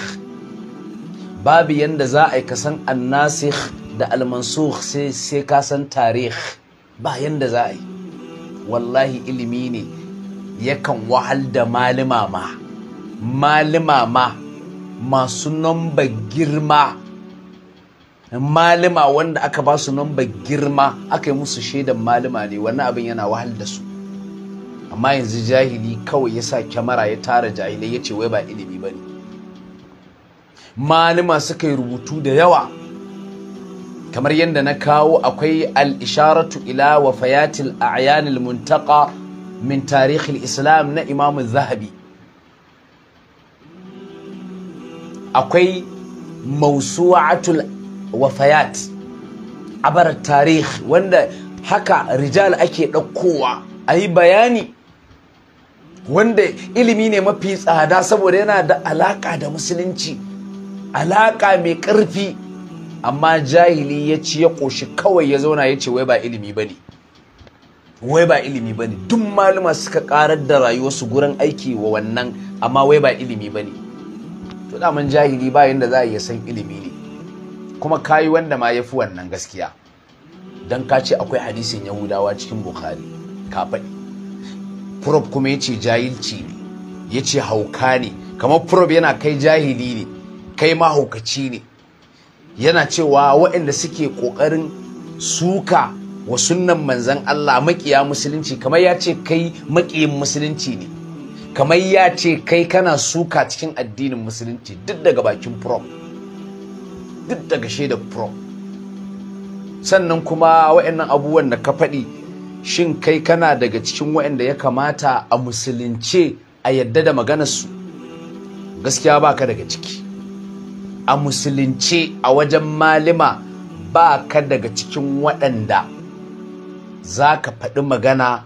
babu yadda za a yi ka san annasikh da almansur sai ka san tarih ba yanda za a yi wallahi ilimi ne yakan wahal da malima ma malima ma masu nomba girma malima wanda aka ba su nomba girma aka yi musu shaidan malima ne wannan abin yana wahal da su amma yanzu jahili kawai ya sa kyamara ya tara jahilai ya ce wai ba ilimi ba ne malima suka yi rubutu da yawa kamar yadda na kawo akwai al-isharatu ila wafayatil a'yanil muntaka min tarihil islam na imamun zahabi akwai mausuwa'atul wafayat abar tarih wanda haka rijal ake ɗaukowa a yi bayani wanda ilimi ne mafi tsada saboda yana da alaƙa da musulunci alaƙa mai ƙarfi amma jahili ya ci ya ƙoshi kawai ya zauna ya ce wai ba ilimi ba ne wai ba duk maluma suka ƙarar da rayuwarsu gurin aiki wa wannan amma wai ba ilimi ba ne to daman jahili ba yadda za a iya san ilimi ne kuma kayi wanda ma ya fi wannan gaskiya don ka ce akwai hadisin yahudawa cikin bukhari ka faɗi prob kuma ya ce jahilci ne ya ce hauka ne kamar prob yana kai jahili ne kai mahaukaci ne yana cewa waɗanda suke ƙoƙarin suka wa sunnan manzan Allah maƙiya musulunci kamar ya ce kai maƙiyin musulunci ne kamar ya ce kai kana suka cikin addinin musulunci duk daga bakin prom duk daga shaida prom sannan kuma waɗannan abubuwan da ka faɗi shin kai kana daga cikin waɗanda ya kamata a musulunce a yadda da maganarsu gaskiya baka daga ciki a musulunce a wajen malima ba ka daga cikin waɗanda za ka faɗi magana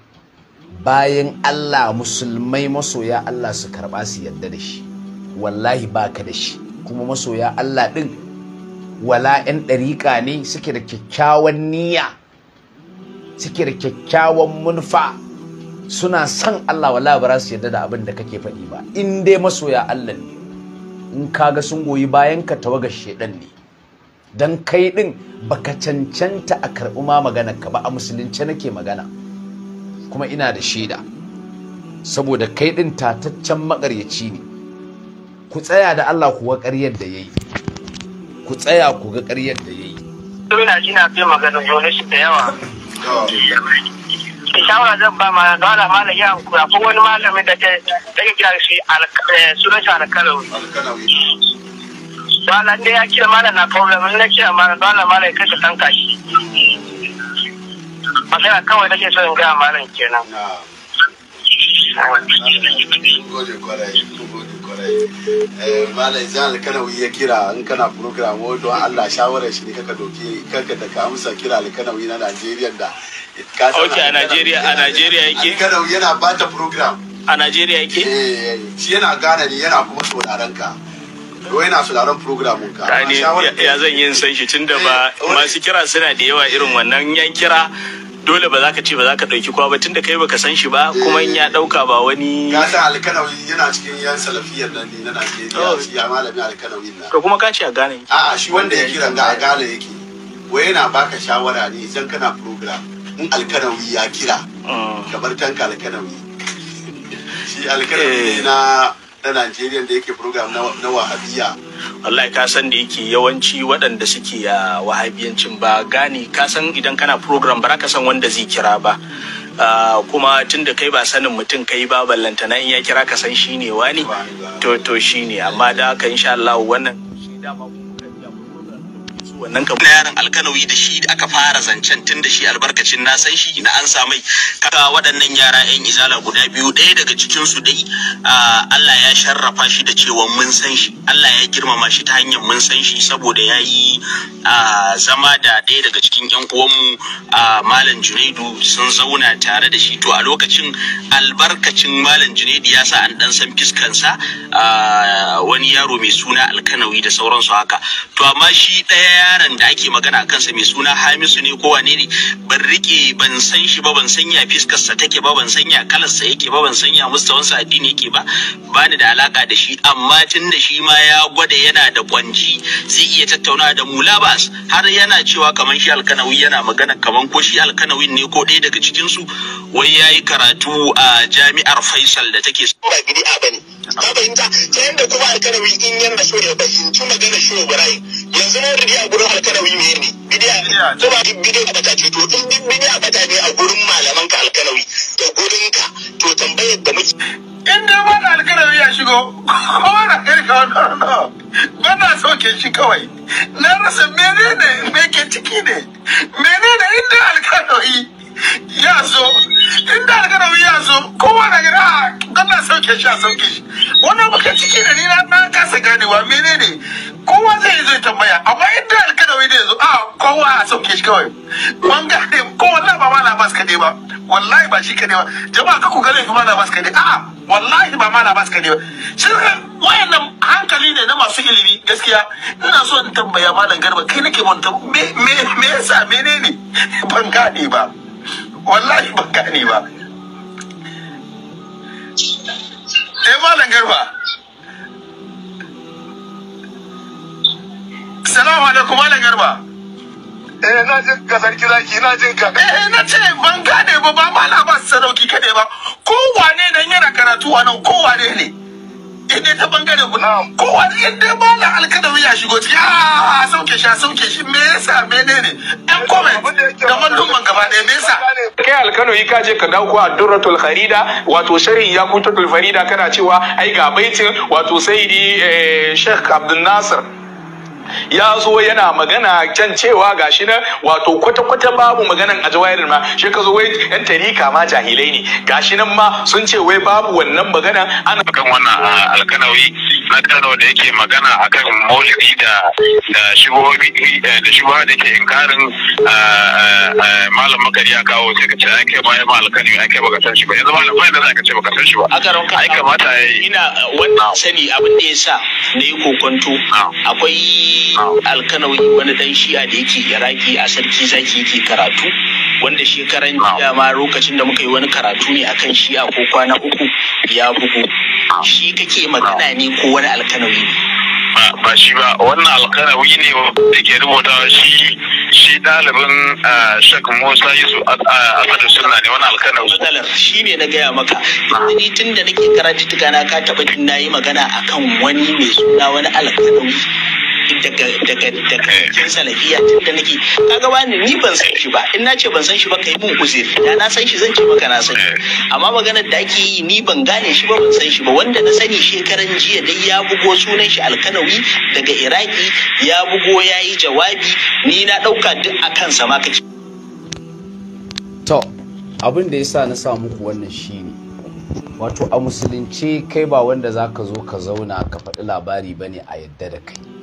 bayan Allah musulmai masoya Allah su karɓa su yadda da shi wallahi ba ka da shi kuma masoya Allah ɗin wala 'yan ɗariƙa ne suke da kyakkyawan niyya suke da kyakkyawan munfa suna son Allah wala ba su yadda da abin da kake faɗi ba in dai masoya Allah ne in kaga sun goyi bayan ka tawagar shedan ne dan kai din baka cancanta a karɓi ma maganar ka ba a musulunce nake magana kuma ina da shaida saboda kai din tataccen makaryaci ne ku tsaya da Allah ku ga ƙaryar da yayi ku tsaya ku ga ƙaryar da yayi ina ina kai magana shi da yawa da zan ba ma gawara malam ya hankura wani malami da ke kira shi eh, sunan shi alkalau wala ne ya kira malam na problem na kira malam wala malam ya kashe kanka shi magana kawai nake so in gaya malam kenan gode kwarai gode kwarai eh, malai zan alkanawi ya kira in kana program wo don Allah shawarar shi ne kaka doke kaka da ka amsa kira alkanawi na Najeriya da ka san a Najeriya a Najeriya yake alkanawi yana bata program a Najeriya yake eh, eh shi yana gane ni yana kuma sauraron ka wai na sauraron programun ka ya zan yin san shi tunda ba eh, masu kira suna da yawa irin wannan yan kira dole ba za ka ce ba za ka ɗauki kowa ba tun da kai baka san shi ba kuma in ya ɗauka ba wani ya sa alkalawi yana cikin yan salafiyar nan ne na Najeriya oh. ya malami alkalawi na to kuma ka ce a gane a'a shi wanda ya kira ga a gane yake wai yana baka shawara ne idan kana program in alkalawi ya kira oh. ka bar tanka alkalawi shi alkalawi eh. na na Najeriya da yake program na wahabiya. Wallahi ka san da yake yawanci waɗanda suke a ah, wahabiyancin ba gane ka san idan kana program ba ka san wanda zai kira ba. Ah, kuma tun da kai ba sanin mutum kai ba na in ya kira ka san shine wani to to ne amma da haka insha Allah wannan shi dama wannan kamar yaran alkanawi da shi aka fara zancen tun da shi albarkacin na san shi na an samai kaga waɗannan yara yan izala guda biyu ɗaya daga cikin su dai Allah ya sharrafa shi da cewa mun san shi Allah ya girmama shi ta hanyar mun san shi saboda ya yi zama da ɗaya daga cikin yan uwanmu malam Junaidu sun zauna tare da shi to a lokacin albarkacin malam Junaidu ya sa an dan san sa, wani yaro mai suna alkanawi da sauransu haka to amma shi ɗaya yaron da ake magana a kansa mai suna Hamisu ne ko wane ne ban rike ban san shi ba ban san ya sa take ba ban san ya sa yake ba ban san ya sa addini yake ba bani da alaka da shi amma tun da shi ma ya gwada yana da kwanci zai iya tattauna da mu labas har yana cewa kaman shi alkanawi yana magana kaman ko shi alkanawin ne ko ɗaya daga cikin su wai yayi karatu a jami'ar Faisal da take ba bid'a bane ka fahimta ta yanda kuma alkanawi in yanda so ya fahimci magana shi Ibrahim yanzu a gurin. in a ya shigo ko wani irka shi kawai na rasa menene me ke ciki ne menene inda alkanawi ya zo in da daga nauyi ya zo kowa na gida kana sauke shi a sauke shi wannan baka ciki da ni na kasa ganewa menene kowa zai zo tambaya amma in da daga nauyi da zo a kowa a sauke shi kawai ban gane ko wallahi ba ma na bas kade ba wallahi ba shi kade ba jama'a ka ku ga laifi ma na bas kade a wallahi ba ma na bas kade ba shi wayannan hankali ne na masu ilimi gaskiya ina so in tambaya malam garba kai nake mun me me me yasa menene ban gane ba wallahi ban gane ba eh malam garba salamu alaikum malam garba eh na jin ka sarki zaki na jin ka eh na ce ban gane ba ba malam ba sadauki kade ba kowane nan yana karatu a ko kowane ne daidai ta bangaren ku kowa yadda ba na alkadawi ya shigo ciki a ah, sauke shi a sauke shi me yasa me ne ne yan comment da mallumman gaba ɗaya me yasa kai alkano yi kaje ka dauko addurratul kharida wato ya yakutatul farida kana cewa ai ga baitin wato sayyidi eh, sheikh abdul nasir ya zo yana magana can cewa gashi na wato kwata-kwata babu maganan a jawairin ma shi ka zo wai yan tarika ma jahilai ne gashi nan ma sun ce wai babu wannan magana ana kan wannan ah, alkanawi na kano da yake magana akan maulidi da da shubuhobi da shubuha da ke inkarin ah, ah, malam makari ya kawo sai ka ce ai kai ma ya alkanawi ai kai baka san shi ba yanzu malam bai da za ka ce baka san shi ba ai kamata ai ina wannan sani abin da ya sa da ya kokonto akwai alkanawi wani dan shi'a da yake iraki a sarki zaki yake karatu wanda shekaran jiya ma lokacin da muka yi wani karatu ne akan shi'a ko kwana uku ya bugu shi kake magana ne ko wani alkanawi ne ba shi ba wannan alkanawi ne da ke rubuta shi shi ɗalibin ah, shek musa yusuf asadu ah, ah, suna ne wani alkanawi shi ne na gaya maka ni tun da nake karatu tukana ka taɓa jin na yi magana akan wani mai suna wani alkanawi daga daga daga eh. cikin salafiya da nake kaga wani ni ban san shi ba in na ce ban san shi ba kai mun kusir da na san shi zan ce maka na san shi eh. amma maganar da ake yi ni ban gane shi ba ban san shi ba wanda na sani shekaran jiya dai ya bugo sunan shi alkanawi daga iraki ya bugo ya yi jawabi ni na ɗauka duk a kansa ma kake to abin da yasa na sa muku wannan shi ne. wato a musulunci kai ba wanda za ka zo ka zauna ka faɗi labari ba ne a yadda da kai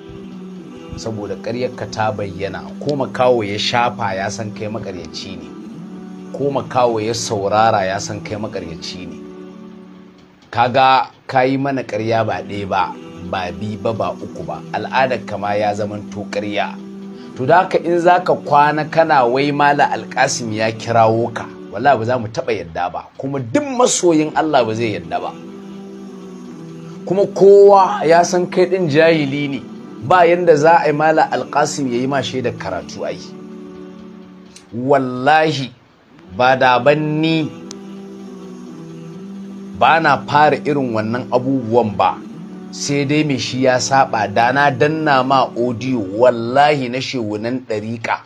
saboda ƙaryarka ta bayyana ko makawo ya shafa ya san kai makaryaci ne ko makawo ya saurara ya san kai makaryaci ne kaga ka yi mana ƙarya ba ɗaya ba ba bi ba ba uku ba al'adar kama ya zaman to ƙarya to da haka in za ka kwana kana wai mala alƙasim ya kirawo ka wala ba za mu taɓa yadda ba kuma duk masoyin allah ba zai yadda ba kuma kowa ya san kai ɗin jahili ne ba yanda za a yi mala alkasim ya yi ma da karatu a yi. wallahi ba da ban ni ba na fara irin wannan abubuwan ba sai dai mai shi ya saba dana danna ma odiyo wallahi na shewunan ɗariƙa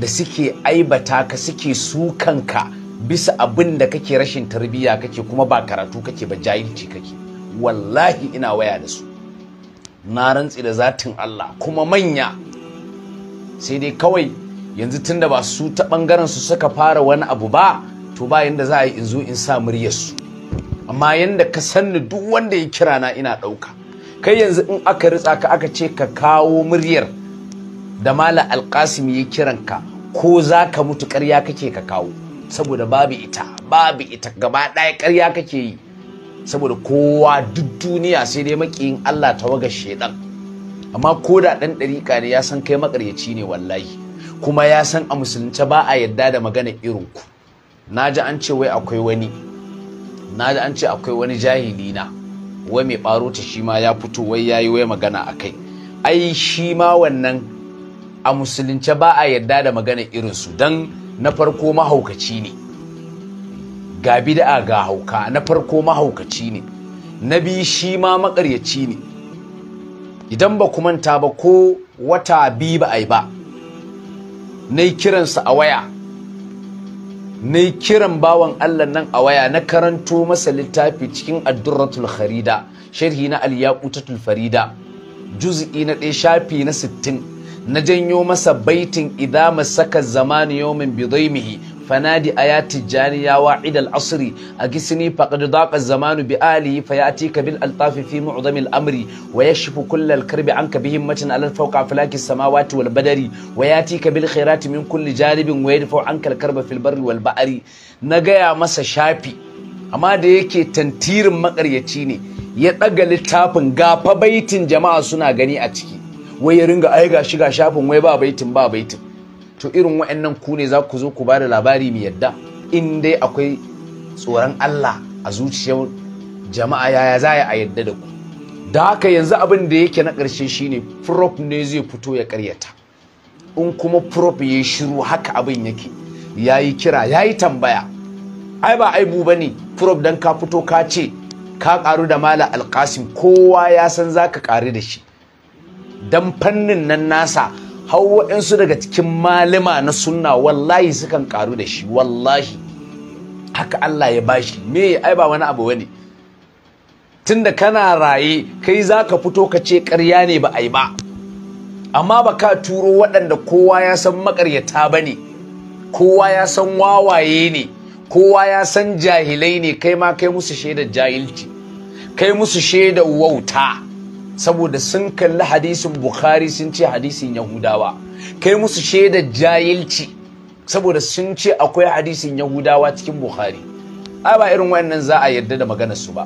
da suke aibata ka suke sukanka bisa abin da kake rashin tarbiyya kake kuma ba karatu kake ba jahilci kake wallahi ina waya da su na rantsi da zatin Allah kuma manya sai dai kawai yanzu tunda ba su ta bangaren su suka fara wani abu ba to ba yanda za a yi in zo in sa muryar su amma yanda ka sanni duk wanda ya kira na ina ɗauka kai yanzu in aka ritsa ka aka ce ka kawo muryar da mala alkasim ya kiran ka ko za ka mutu ƙarya kake ka kawo saboda babu ita babu ita gaba ɗaya ƙarya kake yi saboda kowa duk duniya sai dai makiyin Allah ta tawaga shedan amma ko da dan dariƙa ne ya san kai makaryaci ne wallahi kuma ya san a musulunce ba a yadda da magana irin ku naji an ce wai akwai wani naji an ce akwai wani jahili na wai mai ɓaro ta shi ma ya fito wai yayi wai magana akai ai shi ma wannan a musulunce ba a yadda da magana irinsu Dan na farko mahaukaci ne ga bid'a ga hauka na farko mahaukaci ne na biyu shi ma makaryaci ne idan ba ku manta ba ko wata biyu ba a yi ba na yi kiransa a waya na yi kiran bawan Allah nan a waya na karanto masa littafi cikin addurratul kharida sharhi na aliyakutatul farida juz'i na ɗaya shafi na sittin na janyo masa baitin idza masaka zamani yawmin bidaimihi fanadi ayati janiya wa'id al-asri agisni faqad daqa zamanu bi alihi fayatika bil altafi fi mu'dam al-amri wa yashfu kull al-karbi anka bi himmatin ala fawqa falaki samawati wal badari wa yatika bil khairati min kulli jaribin wa yadfa'u anka al-karba fil barri wal ba'ri na gaya masa shafi amma da yake tantirin makaryaci ne ya daga littafin gafa baitin jama'a suna gani a ciki wai ya ringa ai shiga shafin wai ba baitin ba baitin to irin wa'annan ku ne za ku zo ku ba da labari mai yadda in dai akwai tsoron Allah a zuciyar jama'a yaya za a yadda da ku da haka yanzu abin da yake na ƙarshe shine prop ne zai fito ya ƙaryata in kuma prop ya shiru haka abin yake ya yi kira ya yi tambaya ai ba aibu ba ne prop don ka fito ka ce ka ƙaru da mala alƙasim kowa ya san za ka ƙaru da shi don fannin nan nasa har waɗansu daga cikin malama na sunna wallahi sukan karu da shi wallahi haka Allah ya bashi me ai ba wani abu bane tunda kana raye kai za ka fito ka ce ƙarya ne ba a yi ba amma ba ka turo waɗanda kowa ya san makaryata ne, kowa ya san wawaye ne kowa ya san jahilai ne kai ma kai musu shaidar jahilci kai musu shaidar wauta saboda sun kalli hadisin bukhari sun ce hadisin yahudawa kai musu shaidar jahilci saboda sun ce akwai hadisin yahudawa cikin bukhari ai ba irin wannan za a yarda da maganar su ba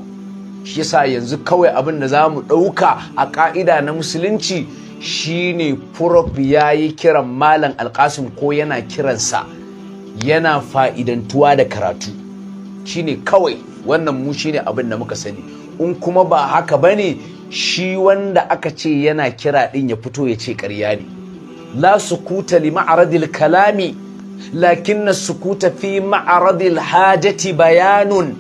shi yasa yanzu kawai abin da zamu mu ɗauka a ka'ida na musulunci shine furof ya yi kiran malam Alkasim ko yana kiransa yana fa'idantuwa da karatu shine kawai wannan mu shine abin da muka sani in kuma ba haka bane shi wanda aka ce yana kira ɗin ya fito ya ce ƙarya ne la sukuta li ma'aradil kalami na sukuta fi ma'aradil hajati bayanun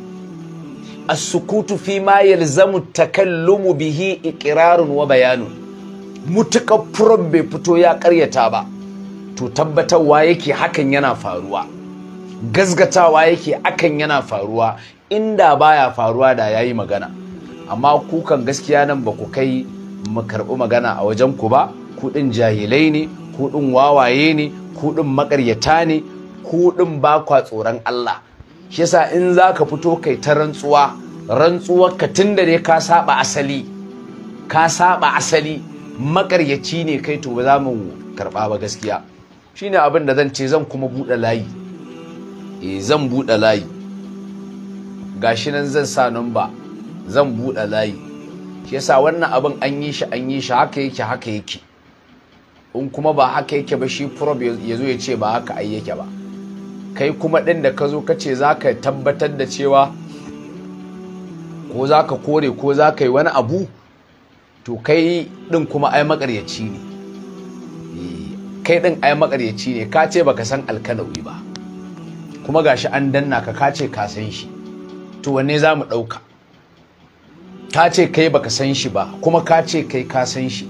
A sukutu fi ma yalzamu takallumu bihi iqrarun wa bayanun mutuka furan bai fito ya ƙaryata ba to tabbatarwa yake hakan yana faruwa gazgatawa yake akan yana faruwa inda baya faruwa da yayi magana amma kukan gaskiya nan ba ku kai mu karɓi magana a wajen ku ba kuɗin jahilai ne kuɗin wawaye ne kuɗin makaryata ne kuɗin ba kwa tsoron Allah shi yasa in za ka fito kai ta rantsuwa rantsuwar ka tun da ne ka saba asali ka saba asali maƙaryaci ne kai to ba za mu karɓa ba gaskiya shine abin da zan ce zan kuma buɗe layi eh zan buɗe layi gashi nan zan sa ba. zan buɗe layi shi yasa wannan abin an yi shi an yi shi haka yake haka yake in kuma ba haka yake ba shi prob ya zo ya ce ba haka ai yake ba kai kuma ɗin da ka zo ka ce za ka tabbatar da cewa ko za ka kore ko za ka yi wani abu to kai ɗin kuma ai makaryaci ne eh, kai ɗin ai makaryaci ne ka ce baka san alkalawi ba kuma gashi an danna ka ka ce ka san shi to wanne za mu ɗauka ka ce kai baka san shi ba kuma ka ce kai ka san shi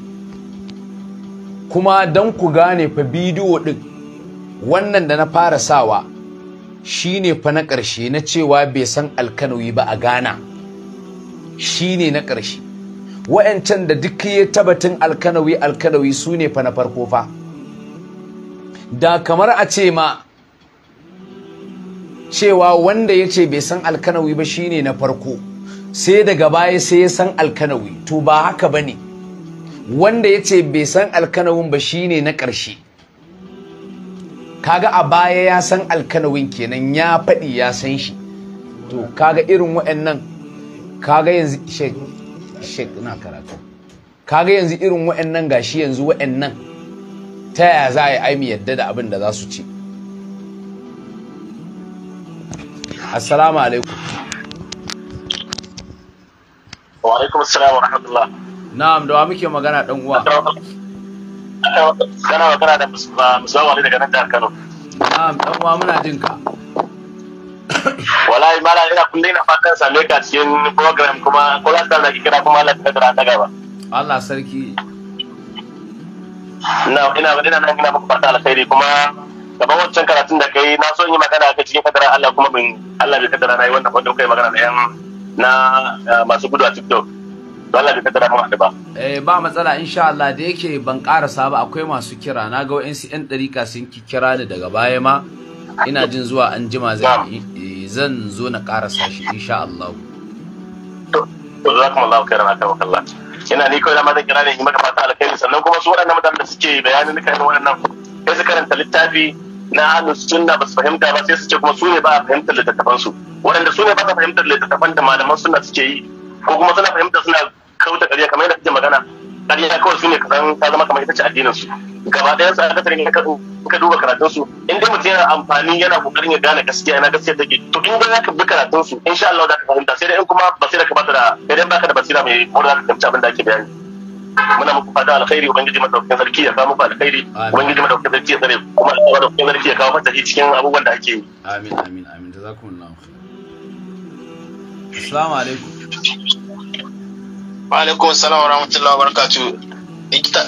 kuma don ku gane fa bidiyo ɗin wannan da na fara sawa shi ne fa na ƙarshe na cewa bai san alkanoyi ba a ghana shi ne na ƙarshe wa'ancan da duk ya tabbatin alkanoyi alkanoyi su ne fa na farko fa da kamar a ce ma cewa wanda ya ce bai san alkanawi ba shine na farko sai daga baya sai ya san alkanawi to ba haka ba ne wanda ya ce bai san alkanawin ba shine na ƙarshe kaga a baya ya san alkanawin kenan ya faɗi ya san shi to kaga irin wa'annan kaga yanzu na karatu kaga yanzu irin wa'annan gashi yanzu wa'annan ta yaya za a yi aimi yadda da abin da za su ce assalamu alaikum Wa alaikum assalam wa rahmatullah. Na'am da wa muke magana dan uwa. Kana magana da Musa daga nan jihar Kano. Na'am dan uwa muna jin ka. Wallahi malam ina kullum ina fatan same ka cikin program kuma ko za ta zaki kira kuma Allah ta dara ta gaba. Allah sarki. Na ina ina muku fata alkhairi kuma gaban wancan karatun da kai na so in yi magana ka cikin kadarar Allah kuma bin Allah bai kadara na yi wannan kai magana da yan na eh, masu gudu a tiktok Allah bai kaddara da ba eh ba matsala insha Allah da yake ban karasa ba akwai masu kira na ga wayansu yan dariƙa sun kira ni daga baya ma ina jin zuwa an jima eh, zan zo na karasa shi insha Allah jazakumullahu khairan akan ina ni kawai da mata kira ne in maka fata alkhairi sannan kuma su waɗannan mutanen da suke bayanin kan waɗannan sai su karanta littafi na ahlus sunna ba su fahimta ba sai su ce kuma su ne ba a fahimtar littattafansu waɗanda su ne ba sa fahimtar littattafan da malaman suna suke yi ko kuma suna fahimtar suna kauta ƙarya kamar yadda kake magana ƙarya kawai su ne kasan ta zama kamar ita ce addinin su gaba ɗaya su a kasar ne ka duba karatun su in dai mutum yana amfani yana kokarin ya gane gaskiya yana gaskiya take to in dai zaka bi karatun su insha Allah za ka fahimta sai dai in kuma basira ka ta da idan baka da basira mai ko za ka fahimci abin da ake bayani muna muku fata alkhairi ubangiji madaukakin sarki ya kawo muku alkhairi ubangiji madaukakin sarki ya tsare kuma Allah madaukakin sarki ya kawo fata cikin abubuwan da ake yi amin amin amin jazakumullahu Assalamu alaikum. Wa alaikum salam wa rahmatullahi wa barakatu.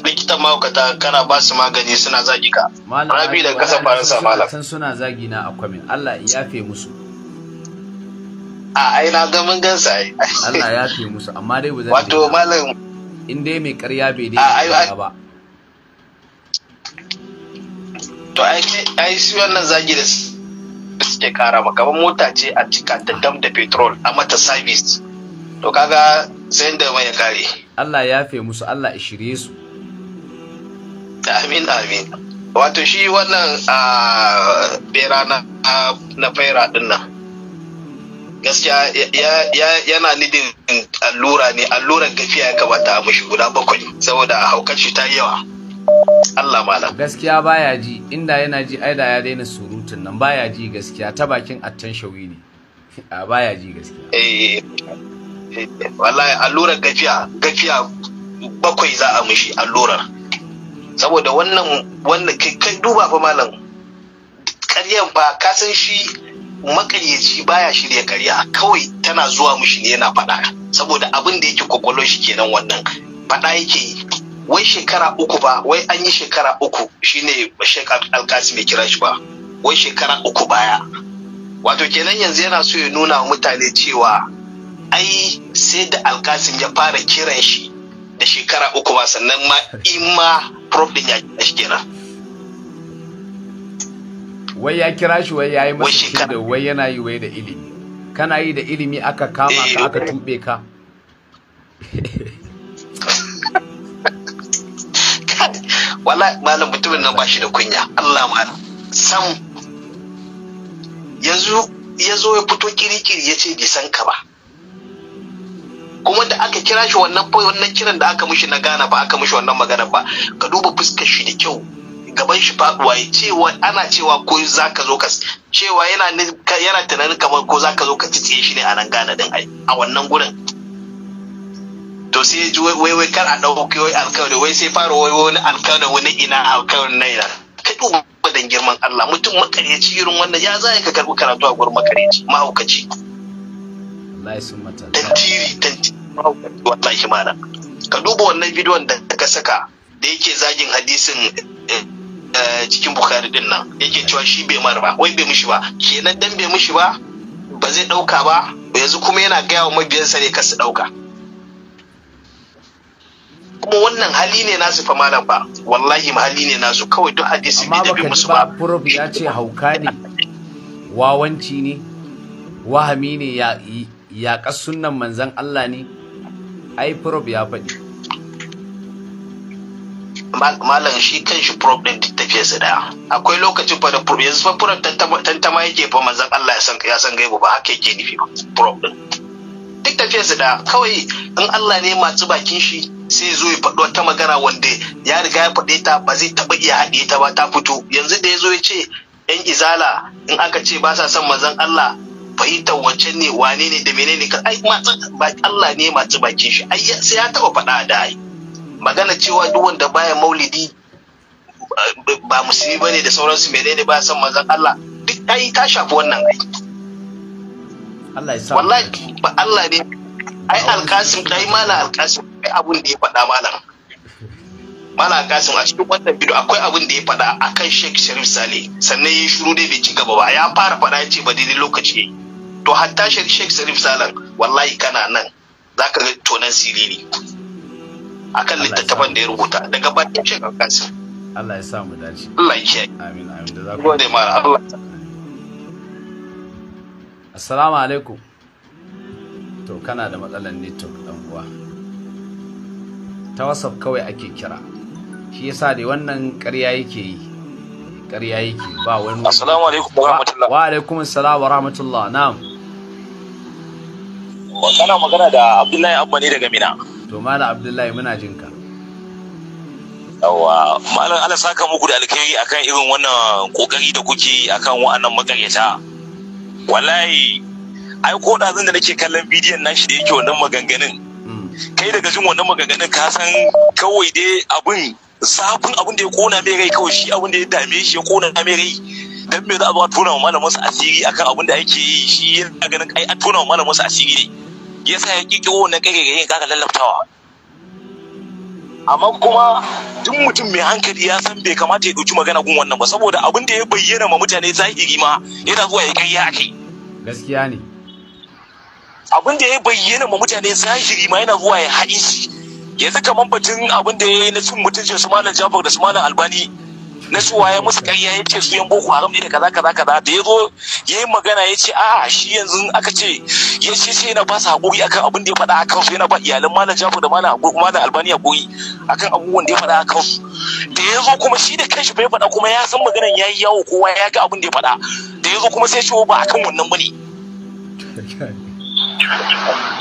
Likita mahaukata kana ba su magani suna zagi ka. Rabi da kasa faransa malam. San suna zagi na akwamin. Allah ya yafe musu. A ai na ga mun gansa ai. Allah ya fe musu amma dai ba zan Wato malam in dai mai karya bai dai ba. To ai ai shi wannan zagi da suke kara maka kamar mota ce a cika da dam da petrol a mata service to kaga sai da mai kare Allah ya fe musu Allah ya shirye su amin amin wato shi wannan a bera na na faira din nan gaskiya yana nidin allura ne alluran gafiya ya kamata a mashi guda bakwai saboda haukar shi ta yawa Allah malam gaskiya baya ji inda yana ji aida ya daina suru mutum nan baya ji gaskiya ta bakin attan shawi ne a baya ji gaskiya eh wallahi allurar gafiya gafiya bakwai za a mishi allurar saboda wannan wannan kai duba fa malam ƙaryan ba ka san shi makaryaci baya shirya ƙarya kawai tana zuwa mishi ne yana faɗa saboda abin da yake kwakwalwar shi kenan wannan faɗa yake yi wai shekara uku ba wai an yi shekara uku shine shek alkasi mai kira shi ba wai shekara uku baya wato kenan yanzu yana so ya nuna wa mutane cewa ai sai da alkasin ya fara kiran shi da shekara uku ba sannan ma in ma prof din ya kira shi kenan wai ya kira shi wai ya yi masa da wai yana yi wai da ilimi kana yi da ilimi aka kama ka aka eh. tube ka wala malam mutumin nan ba shi da kunya Allah malam sam ya zo ya fito kirikiri ya ce bai san ka ba kuma da aka kira shi wannan wannan kiran da aka mishi na gana ba aka mishi wannan magana ba ka duba fuskar shi da kyau gaban shi faduwa ya cewa ana cewa ko za ka zo ka cewa yana yana tunanin kamar ko za ka zo ka titiye shi ne a nan gana din a wannan gurin to sai ya ji wai wai kar a ɗauki wai wai sai fara wai wani alkawari wani ina na naira ka duba dan girman Allah mutum makareci irin wannan ya za ka karbi karatu a gurin makareci mahaukaci tantiri tantiri mahaukaci wallahi mana ka duba wannan bidiyon da ka saka da yake zagin hadisin eh, eh, cikin bukari din nan yake cewa shi bai mar ba wai bai mishi ba kenan dan bai mishi ba ba zai dauka ba yanzu kuma yana gaya wa mabiyansa ne ka su dauka kuma wannan hali ne nasu fa malam ba wallahi hali ne nasu kawai duk hadisin da bi musu ba prof ya ce hauka ne wawanci ne wahami ne ya ya sunnan manzon Allah ne ai prof ya faɗi malam shi kan shi prof din tafiye su da akwai lokacin fa da prof yanzu fa prof tantama yake fa manzon Allah ya san ya san gaibu ba haka yake nufi prof din duk tafiye su daya kawai in Allah ne masu bakin shi sai zo ya faɗi wata magana wanda ya riga ya faɗe ta ba zai taɓa iya haɗe ta ba ta fito yanzu da ya zo ya ce yan izala in aka ce ba sa son mazan Allah fahimtar wacce ne wane ne da menene kan ai Allah ne masu bakin shi ai sai ya taɓa faɗa da ai magana cewa duk wanda baya maulidi ba musulmi bane da sauransu ne ba son mazan Allah duk ai ta shafi wannan ai Allah ya sa wallahi ba Allah ne ai alkasim dai mala alkasim akwai abun da ya faɗa malam malam kasim a cikin wannan bidiyo akwai abun da ya faɗa akan sheikh sharif sale sannan ya shiru dai bai ci gaba ba ya fara faɗa ya ce ba daidai lokaci to hatta sheikh sharif sale wallahi kana nan zaka ga tonan siriri akan littattafan da ya rubuta daga bakin sheikh kasim Allah ya sa mu dace Allah ya kiyaye amin amin da za ku gode mara Allah Assalamu alaikum to kana da matsalar network dan uwa ta whatsapp kawai ake kira shi yasa dai wannan ƙarya yake yi ƙarya yake ba wani assalamu alaikum wa rahmatullah wa alaikum assalam wa rahmatullah na'am kana magana da abdullahi abba ne daga mina to malam abdullahi muna jin ka yawa malam Allah saka muku da alkhairi akan irin wannan kokari da kuke akan wa'annan makaryata wallahi ai ko da da nake kallon bidiyon nashi da yake wannan maganganun kai daga jin wannan maganganun ka san kawai dai abin zafin abin da ya kona mai rai kawai shi abin da ya dame shi ya kona mai rai dan me za a zo a tona wa malamin su asiri akan abin da ake yi shi yana ganin ai a tona wa malamin su asiri ne yasa ya kike wannan karerai ka lallabtawa amma kuma duk mutum mai hankali ya san bai kamata ya dauki magana gun wannan ba saboda abin da ya bayyana ma mutane zahiri ma yana zuwa ya karya a kai gaskiya ne abin da ya bayyana ma mutane zahiri ma yana zuwa ya haɗi shi yanzu zaka mambacin abin da ya yi na cin mutum su malam jafar da su malam albani na su waye musu ƙarya ya ce su yan boko haram ne da kaza kaza kaza da ya zo ya yi magana ya ce a'a shi yanzu aka ce ya ce sai yana ba su haƙuri akan abin da ya faɗa a kansu yana ba iyalan malam jafar da malam malam albani haƙuri akan abubuwan da ya faɗa a kansu da ya zo kuma shi da kanshi bai faɗa kuma ya san maganan ya yi yawo kowa ya ga abin da ya faɗa da ya zo kuma sai ya ce ba akan wannan ba ne.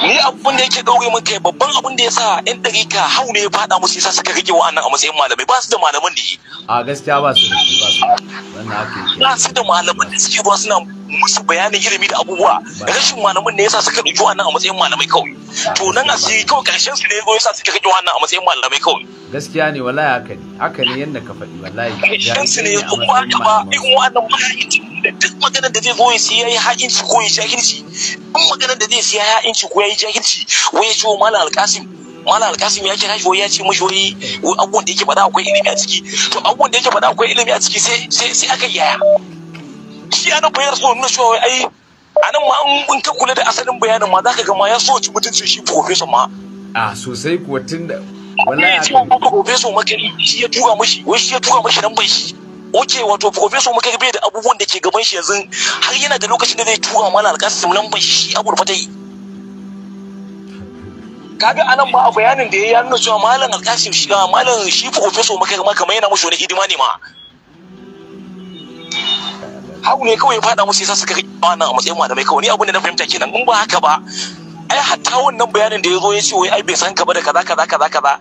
ni abin da yake ɗaure min kai babban abin da ya sa yan ka hau ne ya faɗa musu yasa suka rike wa'annan a matsayin malamai ba su da malaman da yi a gaskiya ba su da ba su da malaman da suke ruwa suna musu bayanin ilimi da abubuwa rashin malamin ne yasa suka ɗauki wannan a matsayin malamai kawai to nan sai kawai karshen su ne yasa suka ɗauki wannan a matsayin malamai kawai gaskiya ne wallahi haka ne haka ne yanda ka faɗi wallahi karshen su ne ba haka ba irin wannan mahaici da duk maganar da zai zo ya siya ya ha'inci ko ya jahilci duk maganar da zai siya ya ha'inci ko ya yi jahilci wai ya ce wa malam alkasim malam alkasim ya kira shi ya ce mishi wai abubuwan da yake faɗa akwai ilimi a ciki to abubuwan da yake faɗa akwai ilimi a ciki sai sai aka yaya shi anan fa yana so na cewa ai anan ma an in ka kula da asalin bayanin ma zaka ga ma ya so ci mutunci shi professor ma a sosai kuwa tunda wallahi shi ma professor makari shi ya tura mishi wai shi ya tura mishi nan bai shi oke wato professor makari bai da abubuwan da ke gaban shi yanzu har yana da lokacin da zai tura mana alƙasim nan bai shi a da fata yi kaga anan ba a bayanin da ya nuna cewa malam alƙasim shi malam shi professor makari ma kamar yana mishi wani hidima ne ma hagu ne kawai ya faɗa musu yasa suka rike nan a matsayin mai kawai ni abin da na fahimta kenan in ba haka ba ai hatta wannan bayanin da ya zo ya ce wai ai bai san ka ba da kaza kaza kaza kaza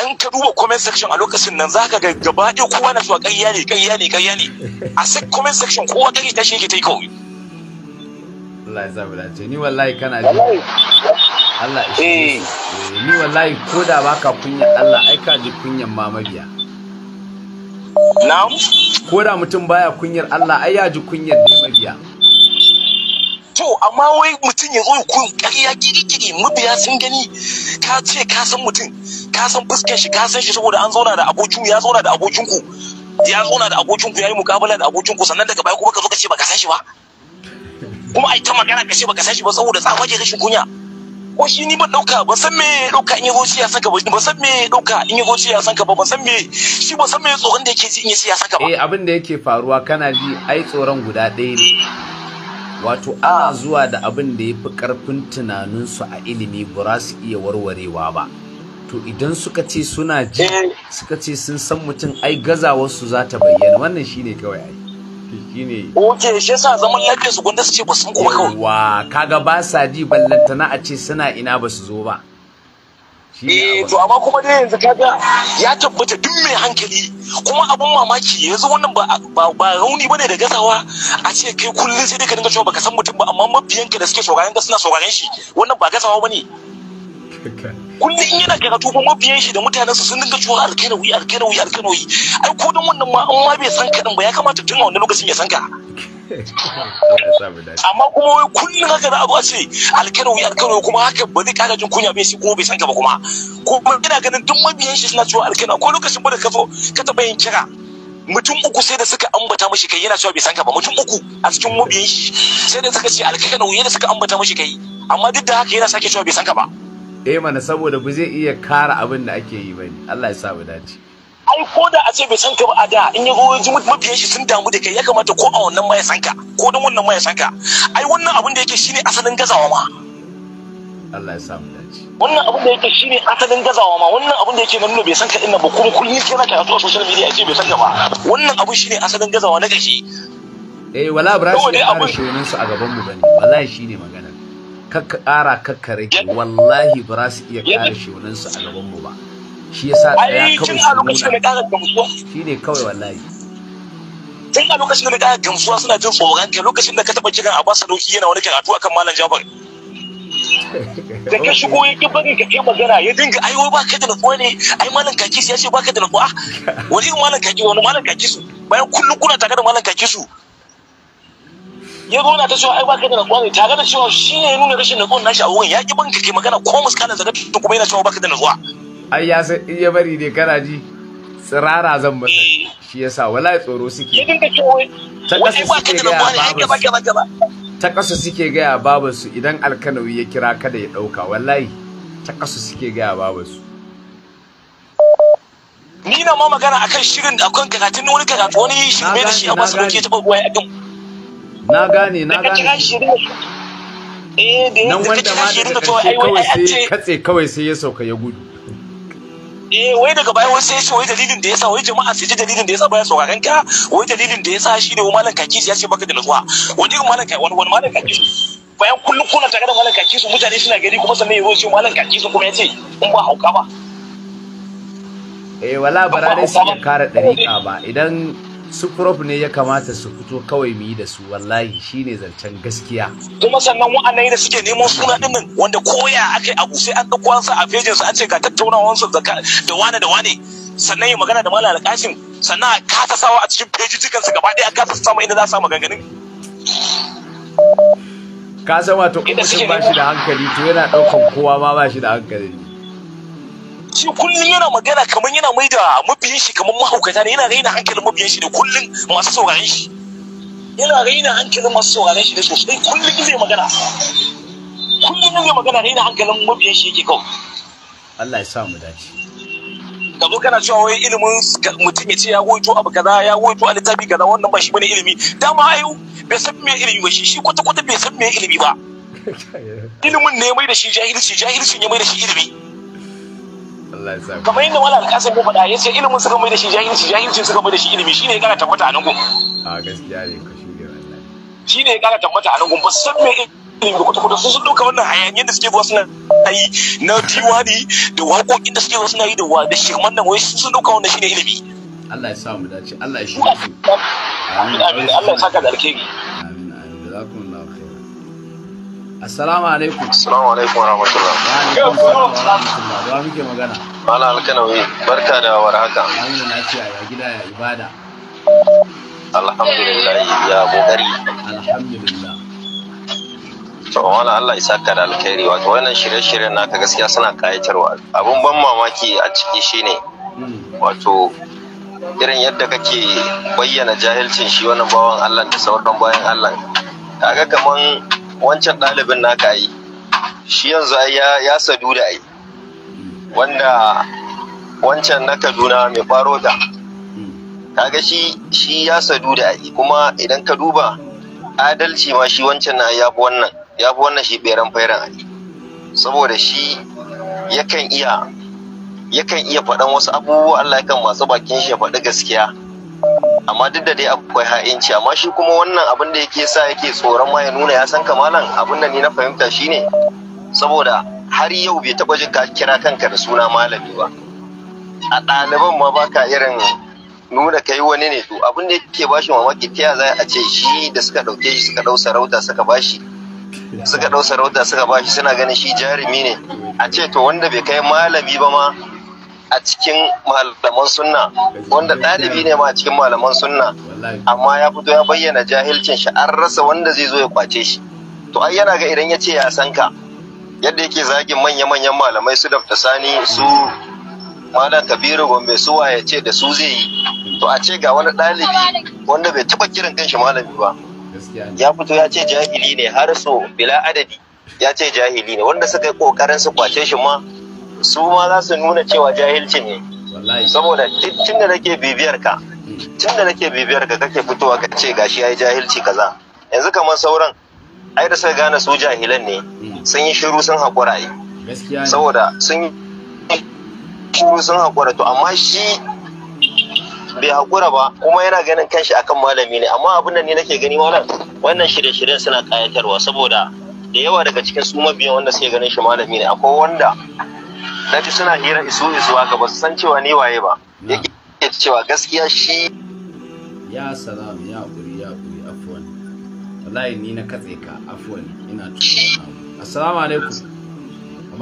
an ka duba comment section a lokacin nan zaka ga gaba ɗaya kowa na zuwa ƙarya ne ƙarya ne ƙarya ne a sai comment section kowa ƙarya ta shi yake ta yi kawai Allah ya zabi dace ni wallahi kana ji Allah ya shi eh. Eh, ni wallahi ko da baka kunya Allah ai ka ji kunyan mamabiya na'am ko da mutum baya kunyar Allah ai ya ji kunyar ne mabiya to amma wai mutum ya zo kun ƙarya kiri-kiri mabiya sun gani ka ce ka san mutum ka san fuskar shi ka san shi saboda an zauna da abokin ya zauna da abokin ku ya zauna da abokin ku yayi mukabala da abokin ku sannan daga baya kuma ka zo ka ce baka san shi ba kuma ai ta magana ka ce baka san shi ba saboda tsafa ke rashin kunya ko yake eh, abin da yake faruwa kana ji ai tsoron guda ɗaya ne wato ana ah. zuwa da abin da ya fi karfin tunaninsu a ilimi ba su iya warwarewa ba to idan suka ce suna ji eh. suka ce sun san mutum ai gazawarsu za ta bayyana wannan shine kawai ai shine oke shi yasa zaman lafiya su gwanda su ce ba san kuma kawai wa kaga ba sa ji ballantana a ce suna ina ba su zo ba Eh to amma kuma dai yanzu kaga ya tabbata duk mai hankali kuma abun mamaki yanzu wannan ba ba ba rauni bane da gasawa a ce kai kullun sai dai ka dinga cewa baka san mutum ba amma mabiyanka da suke sauraron ka suna sauraren shi wannan ba gasawa bane kullum yana yana karatu ko mabiyan shi da mutanen su sun dinga cewa alkanawi alkanawi wuyi ai ko dan wannan ma an ma bai san ka din ba ya kamata tun a wannan lokacin ya san ka amma kuma wai kullum haka za a zo a ce alkanawi alkanawi kuma haka ba zai kada jin kunya bai shi ko bai san ka ba kuma ko yana ganin duk mabiyan shi suna cewa alkanawi ko lokacin ba da ka zo ka taɓa yin kira mutum uku sai da suka ambata mashi kai yana cewa bai san ka ba mutum uku a cikin mabiyan shi sai da suka ce wuyi da suka ambata mashi kai amma duk da haka yana sake cewa bai san ka ba eh mana saboda ku zai iya kara abin da ake yi bane Allah ya sa mu dace ai ko da a ce bai san ka ba a da in ya ji mabiyan shi sun damu da kai ya kamata ko a wannan ma ya san ka ko dan wannan ma ya san ka ai wannan abin da yake shine asalin gazawa ma Allah ya sa mu dace wannan abin da yake shine asalin gazawa ma wannan abin da yake nan bai san ka inna ba kuma kun yake na karatu a social media ce bai san ka ba wannan abin shine asalin gazawa na gashi eh wala bra shi ne a gaban mu bane wallahi shine magana kakka ƙara ki wallahi ba za su iya ƙara su a gaban mu ba shi yasa tsaya kawai su nuna shi ne kawai wallahi tun a lokacin da na ƙara gamsuwa suna jin tsoron kai lokacin da ka taɓa kiran a basa doki yana wani karatu akan malam jafar da ka shigo ya ki barin ka kai magana ya dinga ai wai baka da nako ne ai malam kaki ya ce baka da ah wani irin malam kaki wani malam kaki su bayan kullum kuna tare da malam kaki su ya zo na ta cewa ai ba ka da nakuwa tare da cewa shi ne nuna rashin nakuwan nashi a wurin ya ki banka kai magana ko muskalan zaga ta kuma yana cewa ba ka da nakuwa ai ya san in ya bari ne kana ji tsirara zan masa eh. shi yasa wallahi tsoro suke ya dinka cewa ta kasa suke ga babu ta kasa suke gaya babu su idan alkanawi ya kira kada ya dauka wallahi ta kasa suke gaya babu su ni na ma magana akan shirin da akan karatun wani karatu wani shirme da shi a su dauke ta babuwa ya akan na gane na gane eh, nan wanda ma daga ƙarshe kawai sai katse kawai sai ya sauka ya gudu eh wai daga baya wai sai shi wai dalilin da yasa wai jama'a sai ji dalilin da yasa baya kan ka wai dalilin da yasa shi ne malam kisi ya ce baka da nutsuwa wani irin malam wani malaka kisi bayan kullum kuna tare da malam kisi mutane suna gari kuma sannan ya zo shi malam kaki kuma ya ce in ba hauka ba eh wala bara dai su kara dariƙa ba idan su prof ne ya kamata su fito kawai mu yi da su wallahi shine zancen gaskiya kuma sannan wa'annan da suke neman suna dinnan wanda koya akai abu sai an dauko an sa a fejin su an ce ga tattaunawar su da wane da wane sannan yi magana da malal kashin sannan a ta sawa a cikin fejijikan su gaba ɗaya ka ta samu inda za su samu ganganin ka san wato kuma ba shi da hankali to yana daukan kowa ma ba shi da hankali shi kullum yana magana kamar yana mai da mabiyin shi kamar mahaukata ne yana raina hankalin mabiyin shi da kullum masu sauraron shi yana raina hankalin masu sauraron shi ne sosai kullum zai magana kullum zai magana raina hankalin mabiyin shi yake kawai Allah ya sa mu dace ka zo kana cewa wai ilimin mutum ya ce ya goyito abu kaza ya goyito a littafi kaza wannan ba shi bane ilimi dama ayu bai san me ilimi ba shi shi kwata kwata bai san me ilimi ba ilimin ne mai da shi jahilci jahilcin ya mai da shi ilimi Allah ya saka kamar yadda wani alƙasar ya faɗa yace ilimin suka mai da shi jahilci jahilci suka mai da shi ilimi shine ya kara tabbata a nan gun a gaskiya ne ka shuge wallahi shine ya kara tabbata a nan gun ba san me ilimi da kwata-kwata sun sun ɗauka wannan hayaniyar da suke zuwa suna yi na tiwari da waƙoƙin da suke zuwa suna yi da wa da shirman nan wai sun ɗauka wannan shine ilimi Allah ya sa mu dace Allah ya shi Amin, Allah ya saka da alkhairi Assalamu alaikum. Assalamu alaikum wa rahmatullah. Wa muke magana. Mala Alkanawi, barka da warhaka. Amina na ce ya gida ya ibada. Alhamdulillah ya kokari. Alhamdulillah. To wala Allah isa ka da alkhairi wato wannan shirye-shiryen naka gaskiya suna kayatarwa. Abun ban mamaki a ciki shine hmm. wato irin yadda kake bayyana jahilcin shi wannan bawan Allah da sauran bayan Allah kaga kaman wancan ɗalibin naka yi shi yanzu ai ya sadu da ai wanda wancan na kaduna mai faro da kaga shi shi ya sadu da ai kuma idan ka duba adalci ma shi wancan na ya fi wannan ya fi wannan shi beran fairan ai saboda shi yakan iya yakan iya faɗan wasu abubuwa Allah yakan masu bakin shi ya faɗi gaskiya amma duk da dai akwai ha'inci amma shi kuma wannan abin da yake sa yake tsoron ma ya nuna ya san kamalan abin da ni na fahimta shi ne. saboda har yau bai taba jin ka kira kanka da suna malami ba a ɗaliban ma baka irin nuna kai wani ne to abin da yake bashi mamaki ta yaya za a ce shi da suka ɗauke shi suka ɗau sarauta suka bashi suka ɗau sarauta suka bashi suna ganin shi jarumi ne a ce to wanda bai kai malami ba ma a cikin malaman sunna wanda ɗalibi ne ma a cikin malaman sunna amma ya fito ya bayyana jahilcin shi an rasa wanda zai zo ya kwace shi to ai yana ga idan ya ce ya san ka yadda yake zagin manya-manyan malamai su dafta sani su malam kabiru gombe su waye ce da su zai yi to a ce ga wani ɗalibi wanda bai taɓa kiran kanshi malami ba ya fito ya ce jahili ne har so bila adadi ya ce jahili ne wanda suka yi ƙoƙarin su kwace shi ma su ma za su nuna cewa jahilci ne saboda tun da nake bibiyar ka hmm. tun da nake bibiyar ka kake fitowa ka ce gashi yayi jahilci kaza yanzu kamar sauran ai da suka gane su jahilan ne hmm. sun yi shiru sun haƙura yi saboda sun yi shiru sun haƙura to amma shi bai haƙura ba kuma yana ganin kanshi akan malami ne amma abin da ni nake gani malam wannan shirye-shiryen suna ƙayatarwa saboda da yawa daga cikin su mabiyan wanda suke ganin shi malami ne akwai wanda na suna hira isu isuwa ga basu san cewa ni waye ba yake cewa gaskiya shi ya salam ya kuri ya kuri afwan wallahi ni na katse ka afwan ina tuka assalamu alaikum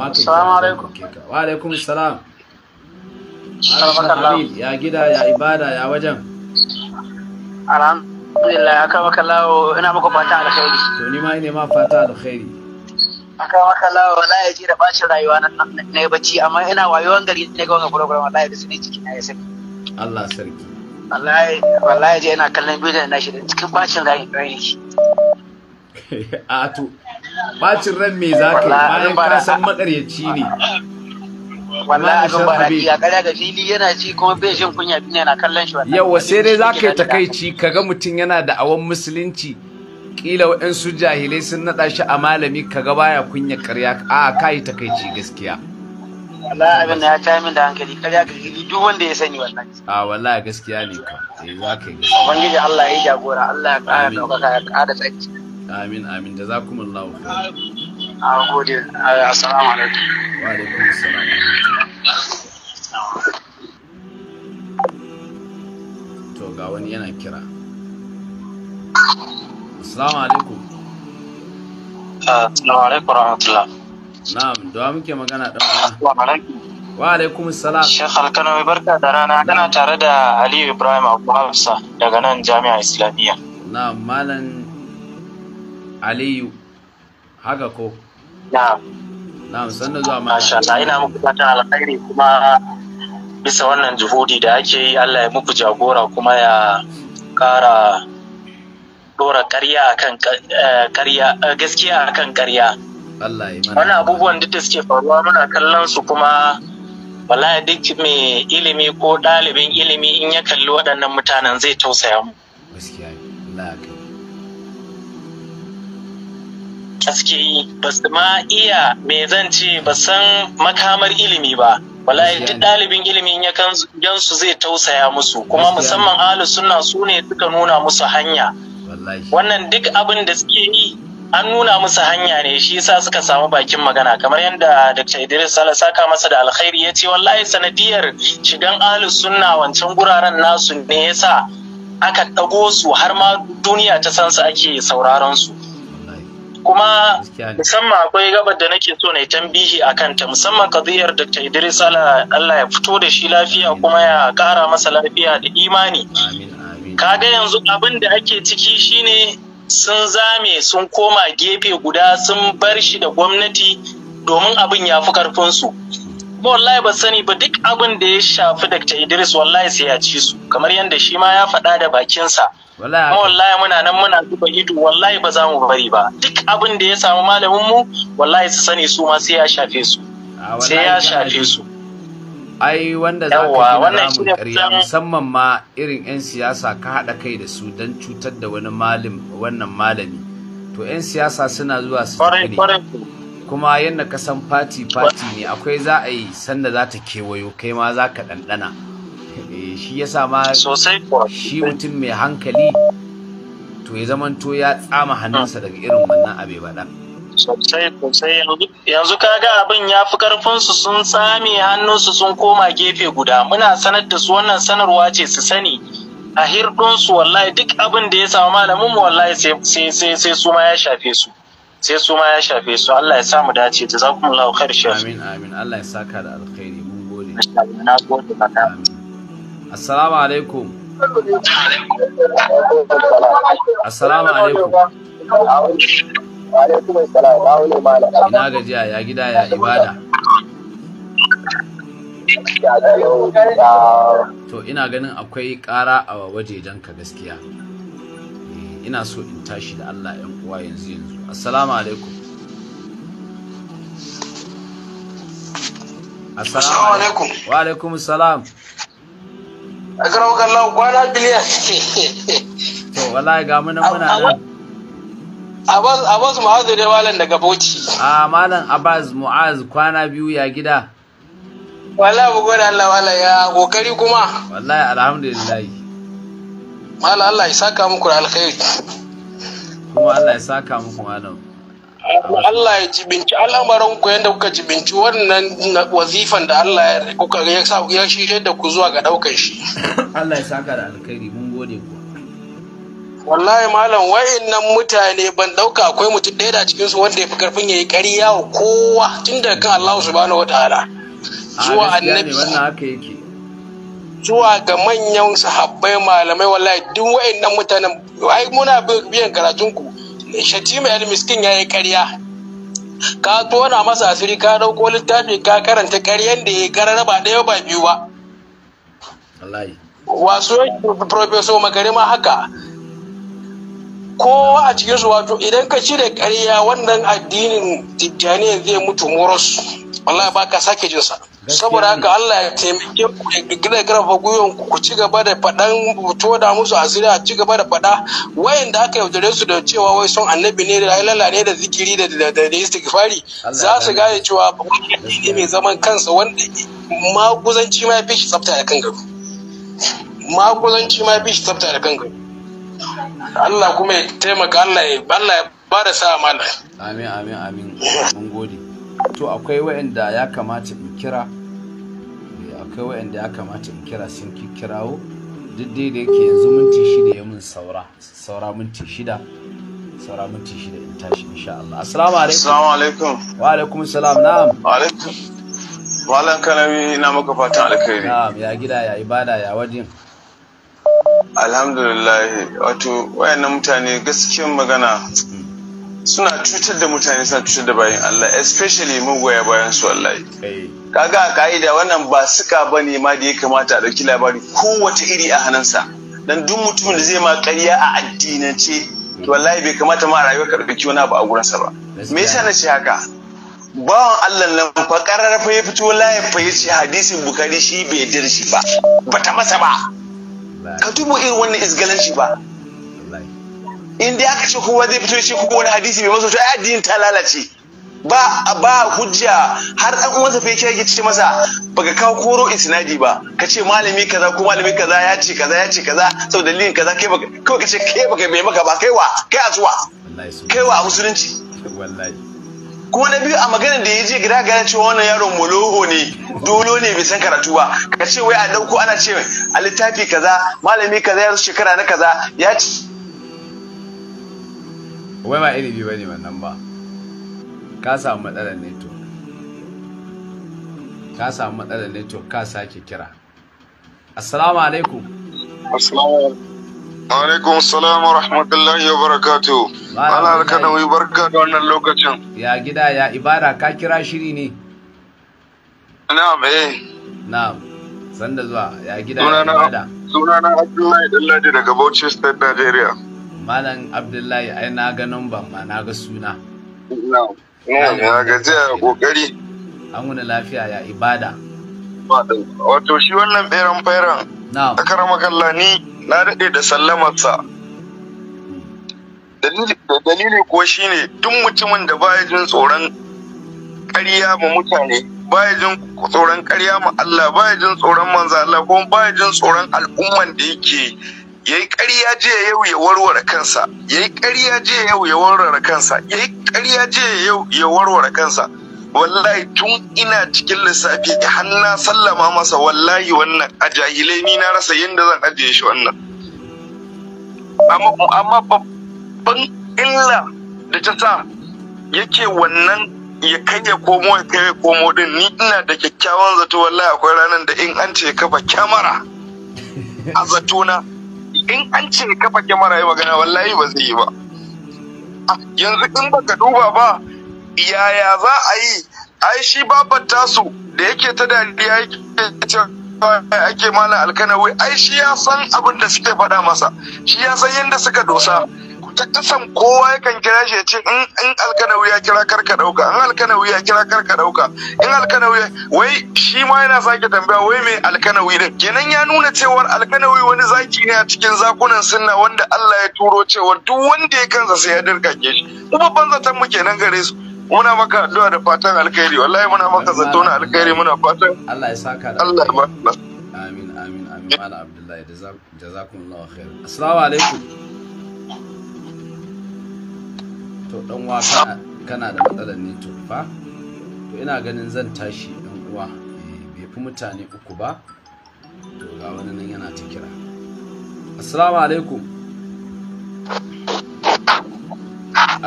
assalamu alaikum wa alaikum assalam ya gida ya ibada ya wajen alhamdulillah ya kama kallawo ina maka fata alkhairi to ni ma ina ma fata alkhairi aka maka lawa wala ya ji da bacin rayuwa na na yi bacci amma ina wayewan gari ne ga wannan program wallahi da su ne ciki na ya Allah sarki wallahi wallahi je ina kallon bidiyon na shi cikin bacin rayuwa a to bacin ran me za ka yi bayan ka san makaryaci ne wallahi abin ba rafi a kare ga fili yana ci kuma bai jin kunya yana kallon shi wallahi yawa sai dai za ka yi takaici kaga mutum yana da awon musulunci kila waɗansu jahilai sun naɗa shi a malami ka ga baya kunya karya a ka yi takaici gaskiya wallahi abin da ya ta min da hankali karya ka gidi duk wanda ya sani wannan a wallahi gaskiya ne ka eh za ka yi ubangiji Allah ya jagora Allah ya ƙara ɗaukaka ya ƙara tsaki amin amin da zakumullahu khair a gode assalamu alaikum wa alaikum assalam to ga wani yana kira Assalamu alaikum. Ah, assalamu alaikum rahmatullah. Na'am, da muke magana dan uwa. Assalamu alaikum. Wa alaikum assalam. Sheikh Alkano barka da rana kana tare da Aliyu Ibrahim Abu Hafsa daga nan Jami'a Islamiyya. Na'am, malam Aliyu haka ko? Na'am. Na'am, sanna zuwa ma. Masha Allah, ina muku fatan alkhairi kuma bisa wannan juhudi da ake yi Allah ya muku jagora kuma ya kara dora ƙarya akan a eh, eh, gaskiya akan ƙarya wani abubuwan duk da suke faruwa muna kallon su kuma wala duk mai ilimi ko ɗalibin ilimi in ya kalli waɗannan mutanen zai tausaya mu Gaskiya! ba ma iya me zan ce ba san makamar ilimi ba wallahi duk ɗalibin in ya gansu zai tausaya musu kuma musamman ahlus sunna su ne suka nuna musu hanya wannan duk abin da suke yi an nuna musu hanya ne shi yasa suka samu bakin magana kamar yadda Dr. Idris Sala saka masa da alkhairi ya ce wallahi sanadiyar shigan ahlus sunna wancan guraren nasu ne yasa aka ɗago su har ma duniya ta san su ake sauraron su kuma musamman akwai gabar da nake so na tambihi a kanta musamman kadiyar Dr. Idris Sala Allah ya fito da shi lafiya kuma ya kara masa lafiya da imani kaga yanzu abin da ake ciki shine sun zame sun koma gefe guda sun bar shi da gwamnati domin abin ya fi karfinsu kuma wallahi ba sani ba duk abin da ya shafi Dr. Idris wallahi sai ya ci su kamar yadda shi ma ya faɗa da bakinsa kuma wallahi muna nan muna duba ido wallahi ba za mu bari ba duk abin da ya samu malamin mu wallahi su sani su ma sai ya shafe su sai ya shafe su ai wanda za ka gina ramin ƙarya musamman ma irin 'yan siyasa ka haɗa kai da su don cutar da wani wannan malami to 'yan siyasa suna zuwa su kare kuma yadda ka san fati fati ne akwai za a yi sanda za ta kewayo kai ma za ka ɗanɗana eh, shi ya sa ma shi mutum mai hankali to ya zamanto ya tsama hannunsa daga irin wannan abe ɗan. sosai sosai yanzu kaga abin ya fi su sun tsame hannunsu sun koma gefe guda muna sanar da su wannan sanarwa ce su sani a hirɗinsu wallahi duk abin da ya samu malamin mu wallahi sai su ma ya shafe su sai su ma ya shafe su Allah ya sa mu dace ta za kuma lau kar amin amin Allah ya saka da alkhairi mun gode na assalamu alaikum assalamu alaikum Ina gajiya ya gida ya ibada. To ina ganin akwai ƙara a ka gaskiya. Eh, ina so in tashi da Allah ‘yan uwa yanzu yanzu. Assalamu alaikum. Assalamu alaikum. Wa alaikum salam. A karo kallon kwana biliyan. To wallahi ga muna muna nan. Abaz Abaz Mu'azu ne malam daga Bauchi. Ah malam Abaz Mu'az kwana biyu ya gida. Wallahi mu gode Allah wala ya kokari kuma. Wallahi alhamdulillah. Malam Allah ya saka muku alkhairi. Kuma Allah ya saka muku malam. Allah ya jibinci al'amuran ku yadda kuka jibinci wannan wazifan da Allah ya kuka ya shirye da ku zuwa ga daukar shi. Allah ya saka da alkhairi mun gode ku. wallahi malam wa'annan mutane ban dauka akwai mutum ɗaya da cikin su wanda ya fi karfin yayi ƙarya yawo kowa tun daga kan Allah subhanahu wataala zuwa annabi zuwa ga manyan sahabbai malamai wallahi duk wa'annan mutanen ai muna biyan karatun ku shatima el miskin yayi kariya. ka tona masa asiri ka dauko littafi ka karanta karyan da ya karara ba ɗaya ba biyu ba wasu professor makarima haka kowa a cikin su wato idan ka cire ƙarya wannan addinin tijjaniya zai mutu moros wallahi ba ka sake jinsa saboda haka Allah ya taimake ku da gina garfa guyon ku ci gaba da faɗan to da musu asiri a ci gaba da faɗa wayanda aka yaudare su da cewa wai son annabi ne da halala ne da zikiri da da istighfari za su gane cewa ne mai zaman kansa wanda maguzanci ma ya fi shi tsafta da kan gado maguzanci ma fi shi tsafta da kan gado Allah kuma ya taimaka Allah ya balla ya ba da sa mana amin amin amin mun gode to akwai waɗanda ya kamata in kira eh, akwai waɗanda ya kamata in kira sun kirawo duk dai da yake yanzu minti shida ya mun saura saura minti shida saura minti shida in tashi insha Allah assalamu alaikum assalamu alaikum wa alaikum salam na'am wa alaikum malam kanawi ina maka fatan alkhairi na'am ya gida ya ibada ya wajen alhamdulillah wato wayannan mutane gaskiyan magana suna cutar da mutane suna cutar da bayan Allah especially magoya bayan su wallahi kaga a ka'ida wannan ba suka ba ne ma da ya kamata a ɗauki labari kowace iri a hannunsa dan duk mutumin da zai ma ƙarya a addinance to wallahi bai kamata ma a ka ɗauki wani abu a gurinsa ba me yasa na ce haka bawan Allah nan fa ƙarar fa ya fito layin fa ya ce hadisin bukari shi bai yarda shi ba ta masa ba ka tubo irin wannan shi ba in dai aka ce kowa zai fito shi kuma wani hadisi mai masa to ai addinin ta lalace ba ba hujja har dan uwansa fa yake ce masa baka kawo koro isnadi ba ka ce malami kaza ko malami kaza ya ce kaza ya ce kaza sau dalilin kaza kai baka kai ka ce kai baka bai maka ba kai wa kai azuwa kai wa musulunci wallahi kuma na biyu a maganin da ya je gida gane cewa wannan yaron moloho ne dolo ne bai san karatu ba ka ce wai a dauko ana ce a littafi kaza malami kaza ya shekara na kaza ya ci wai ba ilimi bane wannan ba ka samu matsalar network ka samu matsalar network ka sake kira assalamu alaikum assalamu alaikum Alaikun salam wa rahmatullahi wa barakatu. Ana alka da wai barka da wannan lokacin. Ya gida ya ibada ka kira shiri ne. Na eh. Na. Sanda zuwa ya gida ya ibada. Sunana Abdullahi Dallaji daga Bauchi State Nigeria. Malam Abdullahi ai na ga numban ma na ga suna. Na. Ya gajiya kokari. An wani lafiya ya ibada. Wato shi wannan beran fairan. Na. Akara makalla ni na daɗe da sallamarsa dalili kuwa shine duk mutumin da baya jin tsoron ƙarya ma mutane baya jin tsoron ƙarya ma Allah baya jin tsoron manzo Allah ba baya jin tsoron al'umman da yake yayi ƙarya je yau ya warware kansa yayi ƙarya je yau ya warware kansa yayi ƙarya je yau ya warware kansa wallahi tun ina cikin lissafi har na sallama masa wallahi wannan a jahilai ni na rasa yadda zan ajiye shi wannan amma babban illa da ta sa yake wannan ya kai ya komo ya kai ya komo din ni ina da kyakkyawan zato wallahi akwai ranar da in an ce kafa kyamara a zatona in an ce kafa kyamara ya magana wallahi ba zai yi ba ah, yanzu in baka duba ba yaya za a yi ai shi babar tasu da yake ta dariya yake ake mana alkanawai ai shi ya san abin da suke faɗa masa shi ya san yadda suka dosa ta kasan kowa yakan kira shi ya ce in alkanawi ya kira karka dauka in alkanawi ya kira karka dauka in alkanawi wai shi ma yana sake tambaya wai mai alkanawi din kenan ya nuna cewar alkanawi wani zaki ne a cikin zakunan sunna wanda Allah ya turo cewar duk wanda ya kansa sai ya dirka ke shi kuma banzatan mu kenan gare su muna maka addu'a da fatan alkhairi wallahi muna maka zato na alkhairi muna fatan Allah ya saka da Allah ya amin amin amin mala abdullahi jazakumullahu khair assalamu alaikum to dan waka kana da matsalar to fa to ina ganin zan tashi dan uwa eh, bai fi mutane uku ba to ga wani nan yana ta kira assalamu alaikum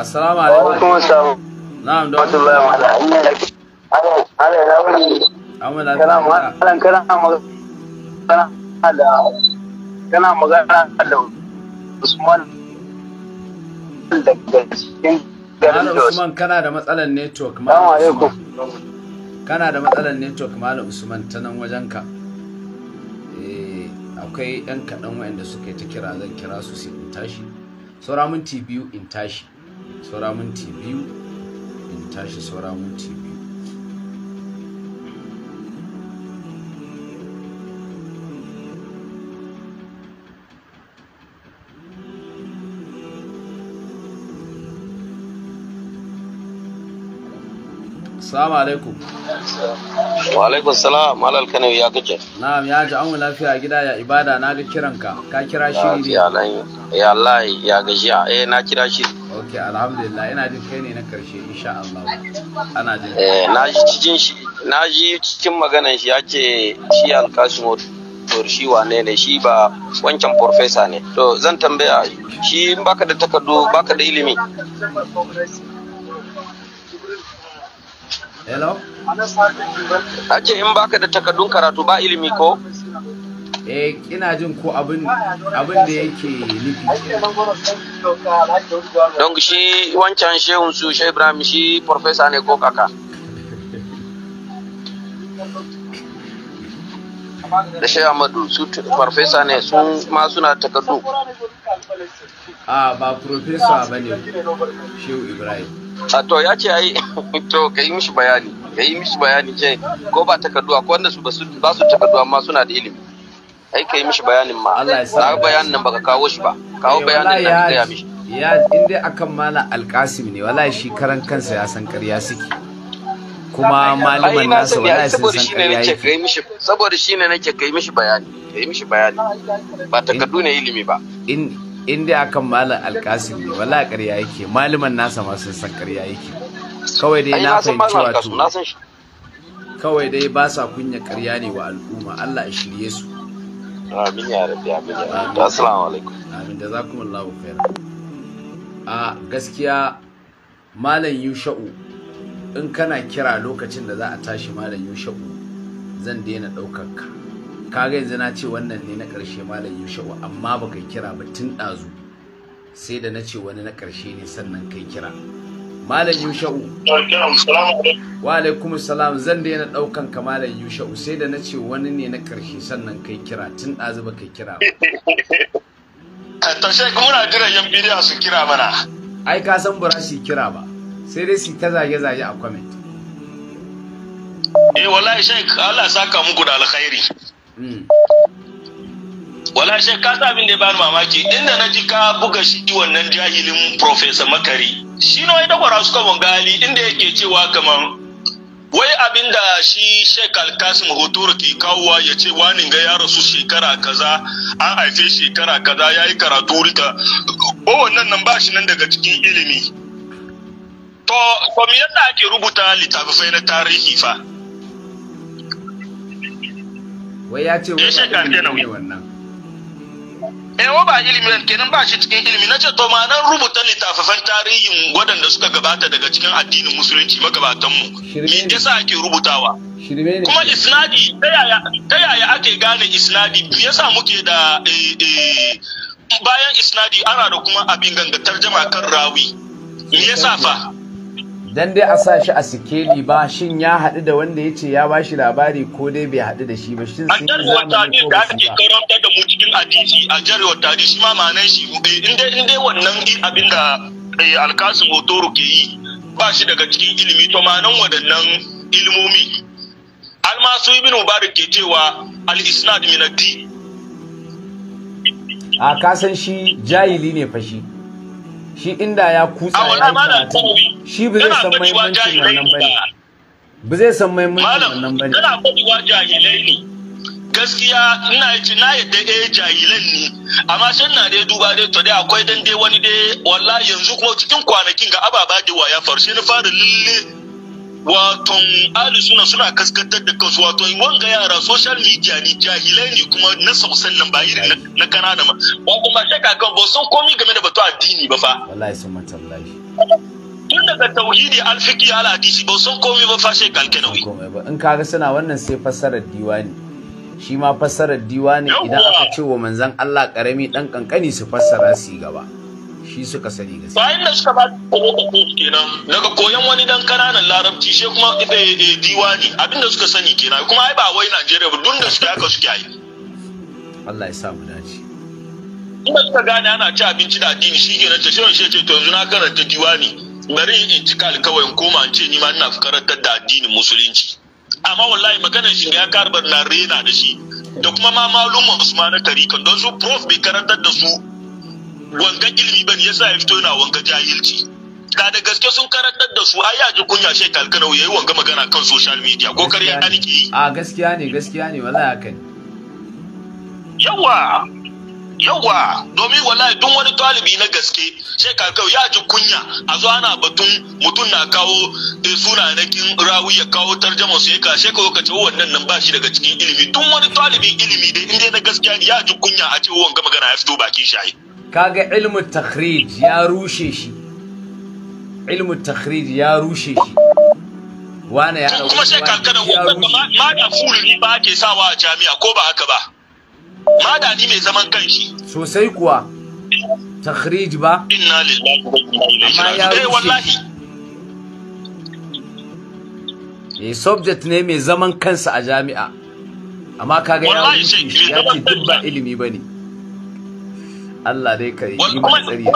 assalamu alaikum Na'am da wani. mala ina da Amma da kana malan kana magana da kana magana da Usman cikin garin Jos. Usman kana da matsalar network malam Usman. Kana da matsalar network malam Usman ta nan wajenka. Eh, akwai 'yan kaɗan waɗanda suka yi ta kira zan kira su in tashi saura minti biyu in tashi saura minti biyu tashi saura minti biyu Assalamu alaikum. Wa alaikum salam, Malal Kanawi ya gaje. Na'am, ya ji an lafiya gida ya ibada na ga kiranka. Ka kira shi ne. Ya Allah, ya gajiya. Eh na kira shi. ok alhamdulillah ina jin kai ne na karshe insha Allah ana jin eh na ji cikin shi na ji cikin maganar shi yace shi alkasimo to shi wane ne shi ba wancan professor ne to zan tambaya shi baka da takardu baka da ilimi hello a ce in baka da takardun karatu ba ilimi ko eh ina jin ko abin abin da yake nufi don shi wancan shehun su shehu ibrahim shi professor ne ko kaka da shehu amadu su farfesa ne su ma suna takardu a ah, ba profesa ba ne shehu ibrahim a to ya ce ai to ka yi mishi bayani ka yi mishi bayani ce ko ba takardu A wanda su ba su takardu amma suna da ilimi ai kai mishi bayanin ma Allah ya bayanin nan baka kawo shi ba kawo eh, bayanin nan ka ya mishi ya in dai akan mala alkasim ne wallahi shi karan kansa ya san ƙarya suke kuma malaman nasa wallahi sun san karya yake saboda shi ne nake kai mishi bayani kai mishi bayani ba takardu ne ilimi ba in in dai akan malam alkasim ne wallahi ƙarya yake malaman nasa ma sun san ƙarya yake kawai dai na fahimci wato kawai dai ba sa kunya ƙarya ne wa al'umma Allah ya shirye su amin ya amin ya assalamu alaikum amin da a gaskiya malam yusha'u in kana kira lokacin da za a tashi malam yusha'u zan daina ɗaukar ka kaga yanzu na ce wannan ne na ƙarshe malam yusha'u amma baka kira ba tun ɗazu sai da na ce wani na ƙarshe ne sannan kai kira malam yusha'u wa alaikum salam zan daina daukan ka malam yusha'u sai da na ce wani ne na karshe sannan kai kira tun dazu kai kira ba eh, to kuma na jira yan bidiyo su kira mana ai ka san bura su kira ba sai dai su ta zage zage a comment eh wallahi shek Allah saka muku da alkhairi hmm. wala shek ka sa abin da ya bani mamaki inda na ji ka buga shi wannan jahilin Profesa makari shi na dakwara su suka gali inda yake cewa kamar wai abin da shi sheik alkasim hoturu ke kawowa ya ce wani ga ya rasu shekara kaza an haife shekara kaza ya yi karatu rika ko wannan nan ba shi nan daga cikin ilimi to ko me yasa ake rubuta littafai na tarihi fa wai ya ce wai eh, wannan wa ba ilimin kenan ba shi cikin ilimi na ce to ma nan rubuta littafafan tarihin waɗanda suka gabata daga cikin addinin musulunci magabatanmu me yasa ake rubutawa kuma isnadi ta yaya ake gane isnadi me yasa muke da eh, eh, bayan isnadi ana da kuma abin gangantar jama kan rawi me yasa fa dan dai a sa shi a sikeli ba shin ya haɗu da wanda ya ce ya ba shi labari ko dai bai haɗu da shi ba shin sun yi zamani ko ba su ba. karantar da mu cikin hadisi a jarwar tari shi ma ma'anar shi eh, inda dai wannan abin da eh, alkasin hotoro ke yi ba shi daga cikin ilimi to ma'anar waɗannan ilmomi. Almasu ibn Mubarak ke cewa al-isnad min A kasan shi jahili ne fashi. shi inda ya kutsa ya karatu shi ba zai san mahimmancin wannan bane ba zai san mahimmancin wannan bane kana kodewa jahilai ne gaskiya ina yace na yadda eh jahilan ne amma sai na dai duba dai to dai akwai dan dai wani dai wallahi yanzu kuma cikin kwanakin ga ababa da waya farshe na fara lalle waton ali suna suna kaskantar da kansu wato wanga yara social media ne jahilai ne kuma na sausan nan ba irin na kanana ma ba kuma shaka kan ba sun komi game da batu addini ba fa wallahi sun matallahi tun daga tauhidi alfiki ala hadisi ba sun komi ba fa shi kalkanawi. in kaga suna wannan sai fassarar diwani shi ma fassarar diwani idan aka ce wa manzon Allah karami dan kankani su fassara su gaba shi suka sani gaskiya bayan da suka ba lokaci kenan daga koyan wani dan kananan larabci shi kuma eh, eh, diwani abinda suka sani kenan kuma ai ba wai Najeriya ba dun da suke haka suke yi Allah ya sa mu dace Kuma suka gane ana ci abinci da addini shi kenan ta shirin shi ce to yanzu na karanta diwani bari in cika alkawai koma in ce ni ma ina karantar da addinin musulunci amma wallahi maganar shi ya karbar na rena da shi da kuma ma malumin Usman na tarikan don su prof bai karantar da su wanga ilimi ba ne yasa ya fito yana wanga jahilci da da gaske sun karantar da su ai ya ji kunya shai ya yayi wanga magana kan social media ko kare ya nake yi a gaskiya ne gaskiya ne wallahi haka yawa yawa domin wallahi duk wani talibi na gaske shi kalkanau ya ji kunya a zo ana batun mutum na kawo kin rawi ya kawo tarjama su ya ka shai kawo kace oh, wannan nan ba shi daga cikin ilimi duk wani talibi ilimi dai inda na gaskiya ne ya ji kunya a ce oh, wanga magana ya fito bakin shayi kaga ilmu takhrij ya rushe shi ilmu takhrij ya rushe shi wane ya dauki kuma sai kankana ma da furuni ba ake sawa a jami'a ko ba haka ba ma da ni mai zaman kanshi sosai kuwa takhrij ba inna lillahi wa inna ilaihi raji'un eh, wallahi eh, subject ne mai zaman kansa a jami'a amma kaga ya shi ya ce dubba ba ilimi bane Allah dai ka yi mana tsari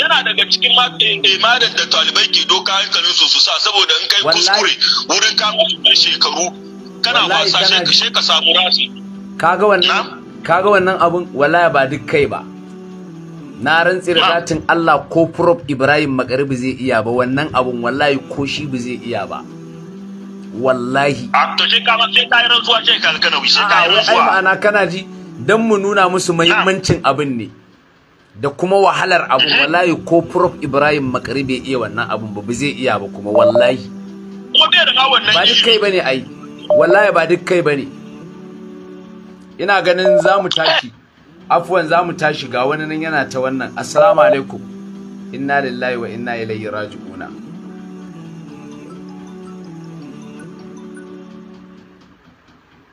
yana daga cikin eh, imanin da talibai ke doka hankalin su su sa saboda in kai kuskure wurin kama su da shekaru kana wasa sai ka samu rasi kaga wannan kaga wannan abun wallahi ba duk kai ba na rantsi da Allah ko Prof Ibrahim Magharibi zai iya ba wannan abun wallahi ko shi ba zai iya ba wallahi a to sai ka sai ta yi rantsuwa sai ka sai ta yi rantsuwa ai ma'ana kana ji dan mu nuna musu muhimmancin abin ne da kuma wahalar abu wallahi ko prof ibrahim makari bai iya wannan abun ba ba zai iya ba kuma wallahi ba duk kai bane ai wallahi ba duk kai bane ina ganin za mu tashi afwan za mu tashi ga wani nan yana ta wannan assalamu alaikum inna lillahi wa inna ilaihi raji'una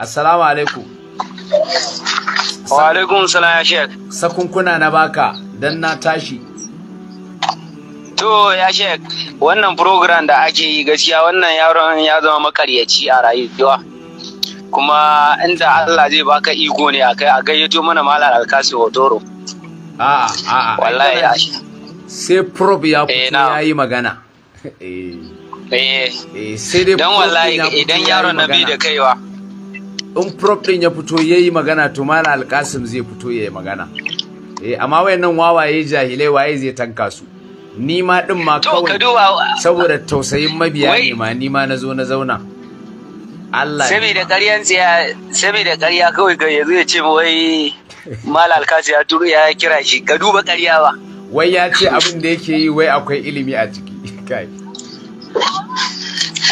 assalamu alaikum Wa alaikum salam ya shek. Sakunkuna na baka dan na tashi. To ya shek, wannan program da ake yi gaskiya wannan yaron ya zama makaryaci a rayuwa. Kuma inda Allah zai baka iko ne a kai a gayyato mana malar alkasi hotoro. A'a, a'a. Wallahi ya shek. Sai prob ya fito eh, ya yi magana. Eh. eh. Eh. Sai dai idan yaron na bi da kaiwa. in prop ɗin ya fito ya yi magana to mala alkasim zai fito ya yi magana eh amma wayannan wawaye jahilai waye zai tanka su ni ma din ma kawai saboda tausayin mabiya ne ma ni ma nazo na zauna Allah saboda ƙaryan tsiya da ƙarya kawai ga yanzu ya ce wai mala alkasim ya turu ya kira shi ka duba ƙarya ba wai ya ce abin da yake yi wai akwai ilimi a ciki kai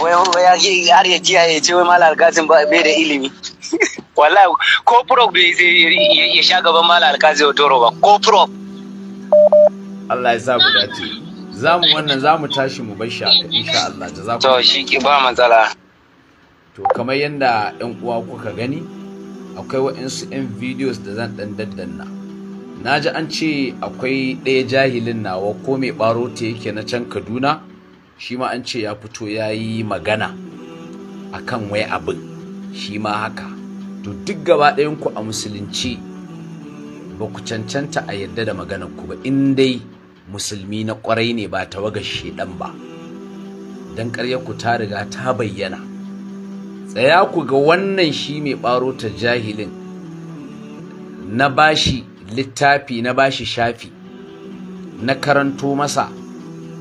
wai ya ji har ya kiyaye ce wai malam alkazim ba bai da ilimi wallahi ko prof bai ya sha gaban malam ya toro ba ko prof Allah ya sa dace za mu wannan za mu tashi mu bar shaka insha Allah da za ku to shi ke ba matsala to kamar yanda ɗan uwa kuka gani akwai wa'insu 'yan videos da zan ɗan daddanna na ji an ce akwai ɗaya jahilin nawa ko mai ɓaro ta yake na can kaduna shi ma an ce ya fito ya yi magana a kan wai abin shi ma haka to duk gaba ku a musulunci ba ku cancanta a yadda da maganar ku ba in dai musulmi na kwarai ne ba ta waga shedan ba don karya ku ta riga ta bayyana tsaya ku ga wannan shi mai ɓaro ta jahilin na bashi littafi na bashi shafi na karanto masa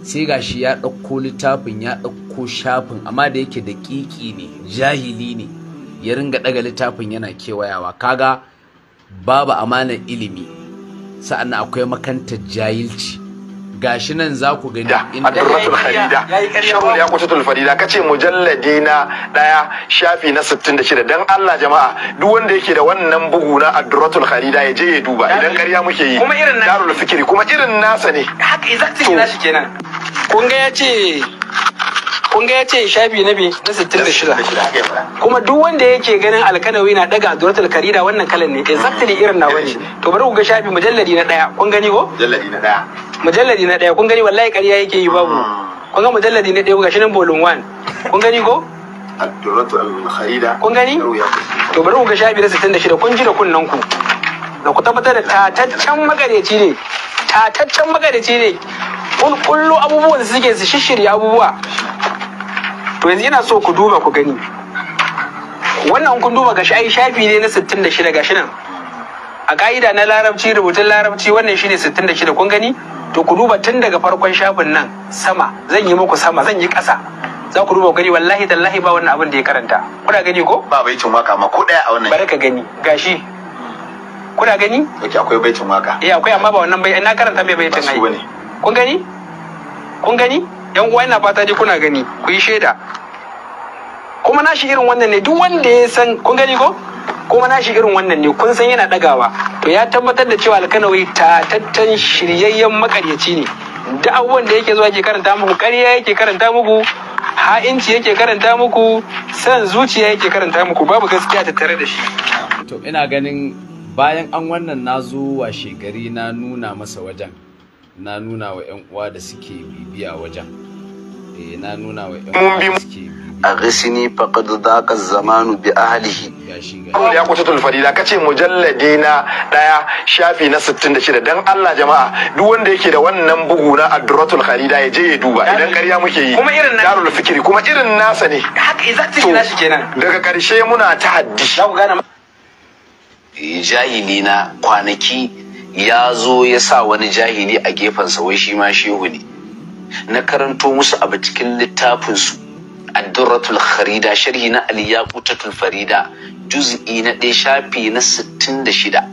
sai shi ya ɗauko littafin ya ɗauko shafin amma da yake da ƙiƙi ne jahili ne ya ringa ɗaga littafin yana kewayawa kaga babu amanar ilimi sa'annan akwai makantar jahilci gashi nan za ku gani inda adratul ya sharul yaqutul farida kace mujalladi na daya shafi na 66 dan Allah jama'a duk wanda yake da wannan bugu na adratul kharida ya je ya duba idan ƙarya muke yi kuma irin darul fikri kuma irin nasa ne haka exactly shi kenan kun ga yace kun ga ya ce shafi na bi na 66 kuma duk wanda yake ganin alkanawi na daga duratul karida wannan kalan ne exactly irin nawa ne to bari ku ga shafi mujalladi na daya kun gani ko mujalladi na daya mujalladi na daya kun gani wallahi ƙarya yake yi babu hmm. kun ga mujalladi na daya gashi nan bolon 1 kun gani ko duratul karida kun gani to bari ku ga shafi na 66 kun ji da kunnan ku da ku tabbatar da tataccen magareci ne tataccen magadaci ne kullu abubuwan su suke su shishiri abubuwa to yanzu ina so ku duba ku gani wannan kun duba gashi ai shafi ne na 66 gashi nan a ka'ida na larabci rubutun larabci wannan shi ne 66 kun gani to ku duba tun daga farkon shafin nan sama zan yi muku sama zan yi ƙasa za ku duba gani wallahi tallahi ba wannan abin da ya karanta kuna gani ko ba bai cin waka ma ko daya a wannan bari ka gani gashi kuna gani yake akwai baitin waka eh akwai amma ba wannan bai na karanta mai baitin ai kun gani kun gani yan uwa ina fata dai kuna gani ku yi shaida kuma na shi irin wannan ne duk wanda ya san kun gani ko kuma na shi irin wannan ne kun san yana dagawa to ya tabbatar da cewa alkanawi tattan shiryayyen makaryaci ne duk abubuwan da yake zuwa yake karanta muku ƙarya yake karanta muku ha'inci yake karanta muku san zuciya yake karanta muku babu gaskiya tattare da shi to ina ganin bayan an wannan na zo washe gari na nuna masa wajen na nuna wa 'yan uwa da suke bibiya wajen eh na nuna wa 'yan uwa da suke bibiya faqad daqa zamanu bi ahlihi ya kwata tulfarida ka ce mujallade na daya shafi na 66 dan Allah jama'a duk wanda yake da wannan bugu na adratul kharida ya je ya duba idan ƙarya muke yi kuma irin darul fikri kuma irin nasa ne haka exactly shi kenan daga karshe muna ta haddi Eh, jahili na kwanaki ya zo ya sa wani jahili a gefen sa wai shi ma shehu ne na karanto musu abu cikin littafinsu addurratul kharida sharhi na aliyaqutatul farida juz'i na ɗaya shafi na 66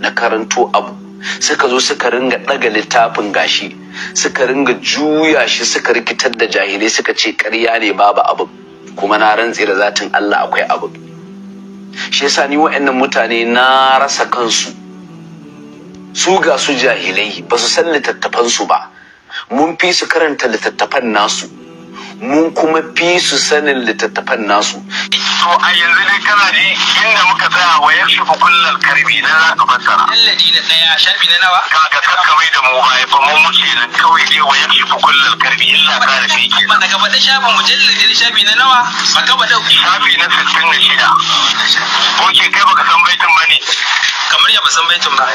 na karanto abu suka zo suka ringa ɗaga littafin gashi suka ringa juya shi suka rikitar da jahilai suka ce ƙarya ne babu abu kuma na rantse da zatin Allah akwai abu shi yasa ni wa'annan mutane na rasa kansu su ga su jahilai ba su san littattafansu ba mun fi su karanta littattafan nasu mun kuma fi su sanin littattafan nasu to a yanzu dai kana ji inda muka tsaya wa ya shifa kullal karbi na zaka ka fassara alladi na a shafi na nawa ka ga da mu baya fa mu muke nan kawai dai wa ya shifa kullal karbi illa ka da shi ke ba daga bata shafa mujalladin shafi na nawa ba ka bata shafi na 66 oke kai baka san baitin ba ne. kamar ya ba san baitin ba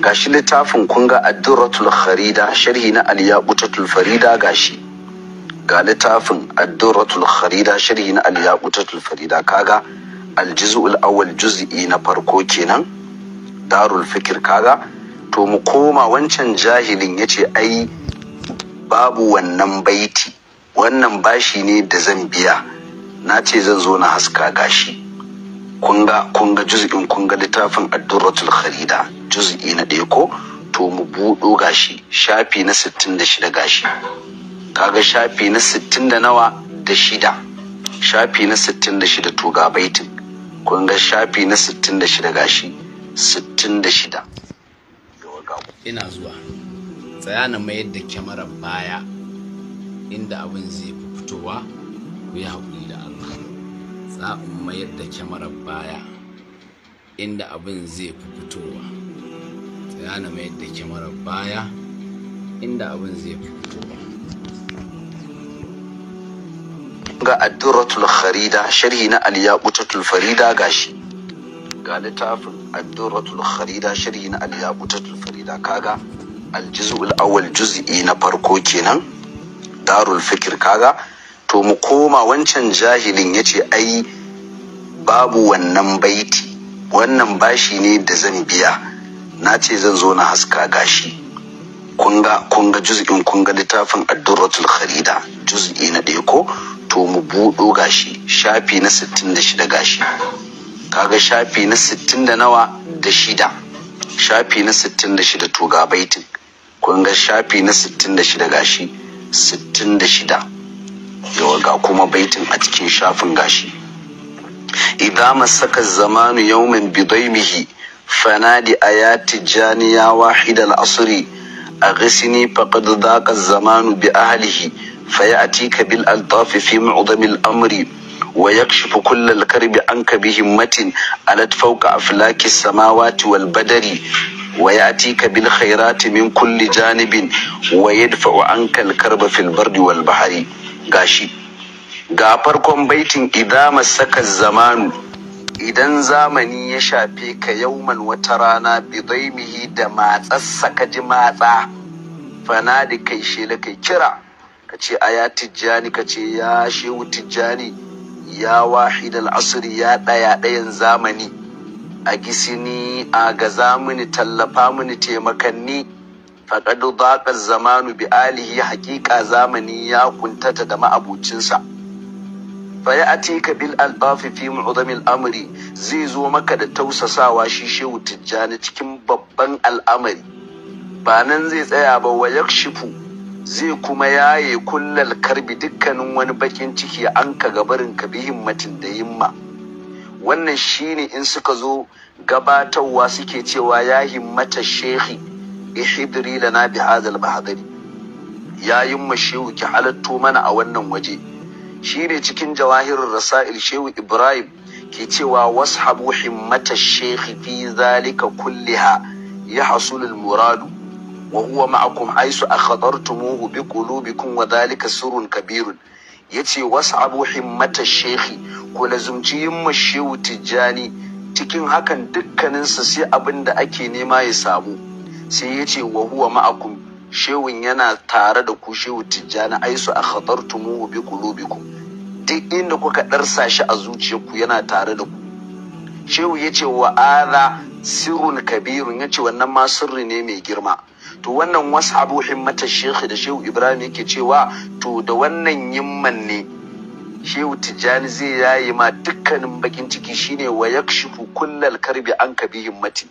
gashi littafin kun ga addurratul kharida sharhi na aliyaqutatul farida gashi ga littafin addurratul kharida sharhi na aliyaqutatul farida kaga aljuz'ul awwal juz'i na farko kenan darul fikir kaga to mu koma wancan jahilin yace ai babu wannan baiti wannan bashi ne da zan biya na ce zan zo na haska gashi kunga kunga juz'in kunga littafin addurratul kharida juz'i na ɗaya ko to mu buɗo gashi shafi na sittin da shida gashi kaga shafi na sittin da nawa da shida shafi na sittin da shida to ga baitin kun ga shafi na sittin da shida gashi sittin da shida ina zuwa tsaya na mayar da kyamarar baya inda abin zai fi fitowa ku yi haƙuri da Allah za mu mayar da kyamarar baya inda abin zai fi fitowa za na mayar da kyamarar baya inda abin zai fito ga addurratul kharida sharhi na aliyaqutatul farida gashi ga littafin addurratul kharida sharhi na aliyaqutatul farida kaga aljuz'ul awwal juz'i na farko kenan darul fikr kaga to mu koma wancan jahilin yace ai babu wannan baiti wannan bashi ne da zan biya na ce zan zo na haska gashi kunga kunga juz'in kunga littafin addurratul kharida juz'i na ɗaya ko to mu buɗo gashi shafi na 66 gashi kaga shafi na 60 da nawa da shida shafi na 66 to ga baitin kunga shafi na 66 gashi 66 yawa ga kuma baitin a cikin shafin gashi idama saka zamanu yawmin bidaimihi فنادي آيات تجانية واحد الأصري أغسني فقد ذاق الزمان بأهله فيأتيك بالألطاف في معظم الأمر ويكشف كل الكرب عنك بهمة ألت فوق أفلاك السماوات والبدر ويأتيك بالخيرات من كل جانب ويدفع عنك الكرب في البرد والبحر غاشي غافر بيت إذا مسك الزمان idan zamani ya shafe ka yauman wata rana bidaimihi da matsassa ka ji matsa fana da kai shela kai kira ka ce a ya tijjani ka ce ya shehu tijjani ya wahidal asiri ya ɗaya ɗayan zamani a gisini a gaza mini tallafa mini taimakanni faƙadu zaƙar zamanu bi alihi haƙiƙa zamani ya kuntata da ma'abucinsa. fayatika bil al'afi fi mu'zamil amri zai zo maka da tausasawa shi shehu tijjani cikin babban al'amari ba nan zai tsaya ba wa yakshifu zai kuma yaye kullal karbi dukkanin wani bakin ciki an ka gabarin ka bi himmatin da yimma wannan shine in suka zo gabatarwa suke cewa ya himmata shehi ihidri na bi hadal bahadari ya yimma shehu ki halatto mana a wannan waje Shi shine cikin jawahirin rasail shehu ibrahim ke cewa habu himmata shekhi fi zalika kulliha ya hasulul muradu wa huwa ma'akum aisu akhadartumuhu bi qulubikum wa zalika sirrun kabirun yace washabu himmata shekhi ku lazumci yimma shehu tijjani cikin hakan dukkaninsa sai abin da ake nema ya samu sai yace wa huwa ma'akum shehun yana tare da ku shehu tijjani su a khatartumuhu bi kulubiku duk inda kuka darsa shi a zuciyarku yana tare da ku shehu yace wa ala sirrun kabirun yace wannan ma sirri ne mai girma to wannan wasu wasabu himmata shekhi da shehu ibrahim yake cewa to da wannan yimman ne shehu tijjani zai yayi ma dukkanin bakin ciki shine wa yakshifu kullal karbi an kabi himmati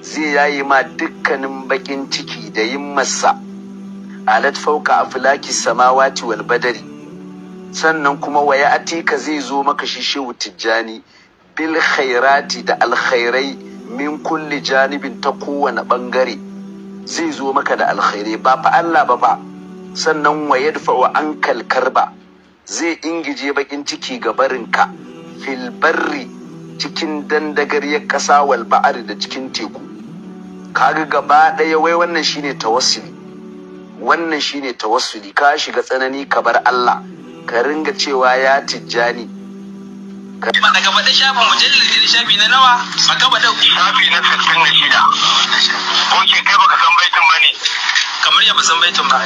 zai yayi ma dukkanin bakin ciki da yin masa alat fauka a filaki samawati wal badari sannan kuma waya atika zai zo maka shi shehu tijjani bil khairati da alkhairai min kulli janibin ta kowane bangare zai zo maka da alkhairai ba fa Allah ba ba sannan wa yadfa wa ankal karba zai ingije bakin ciki ga barinka fil barri cikin ya ƙasa wal ba'ari da cikin teku kaga gaba ɗaya wai wannan shine tawassuli wannan shine tawassuli ka shiga tsanani ka bar Allah ka ringa cewa ya tijjani Mana gaba da shafin mujallar ɗin shafi na nawa a gaba da shafi na sittin da shida. Oke kai baka san baitin ba ne. Kamar ya san baitin ba.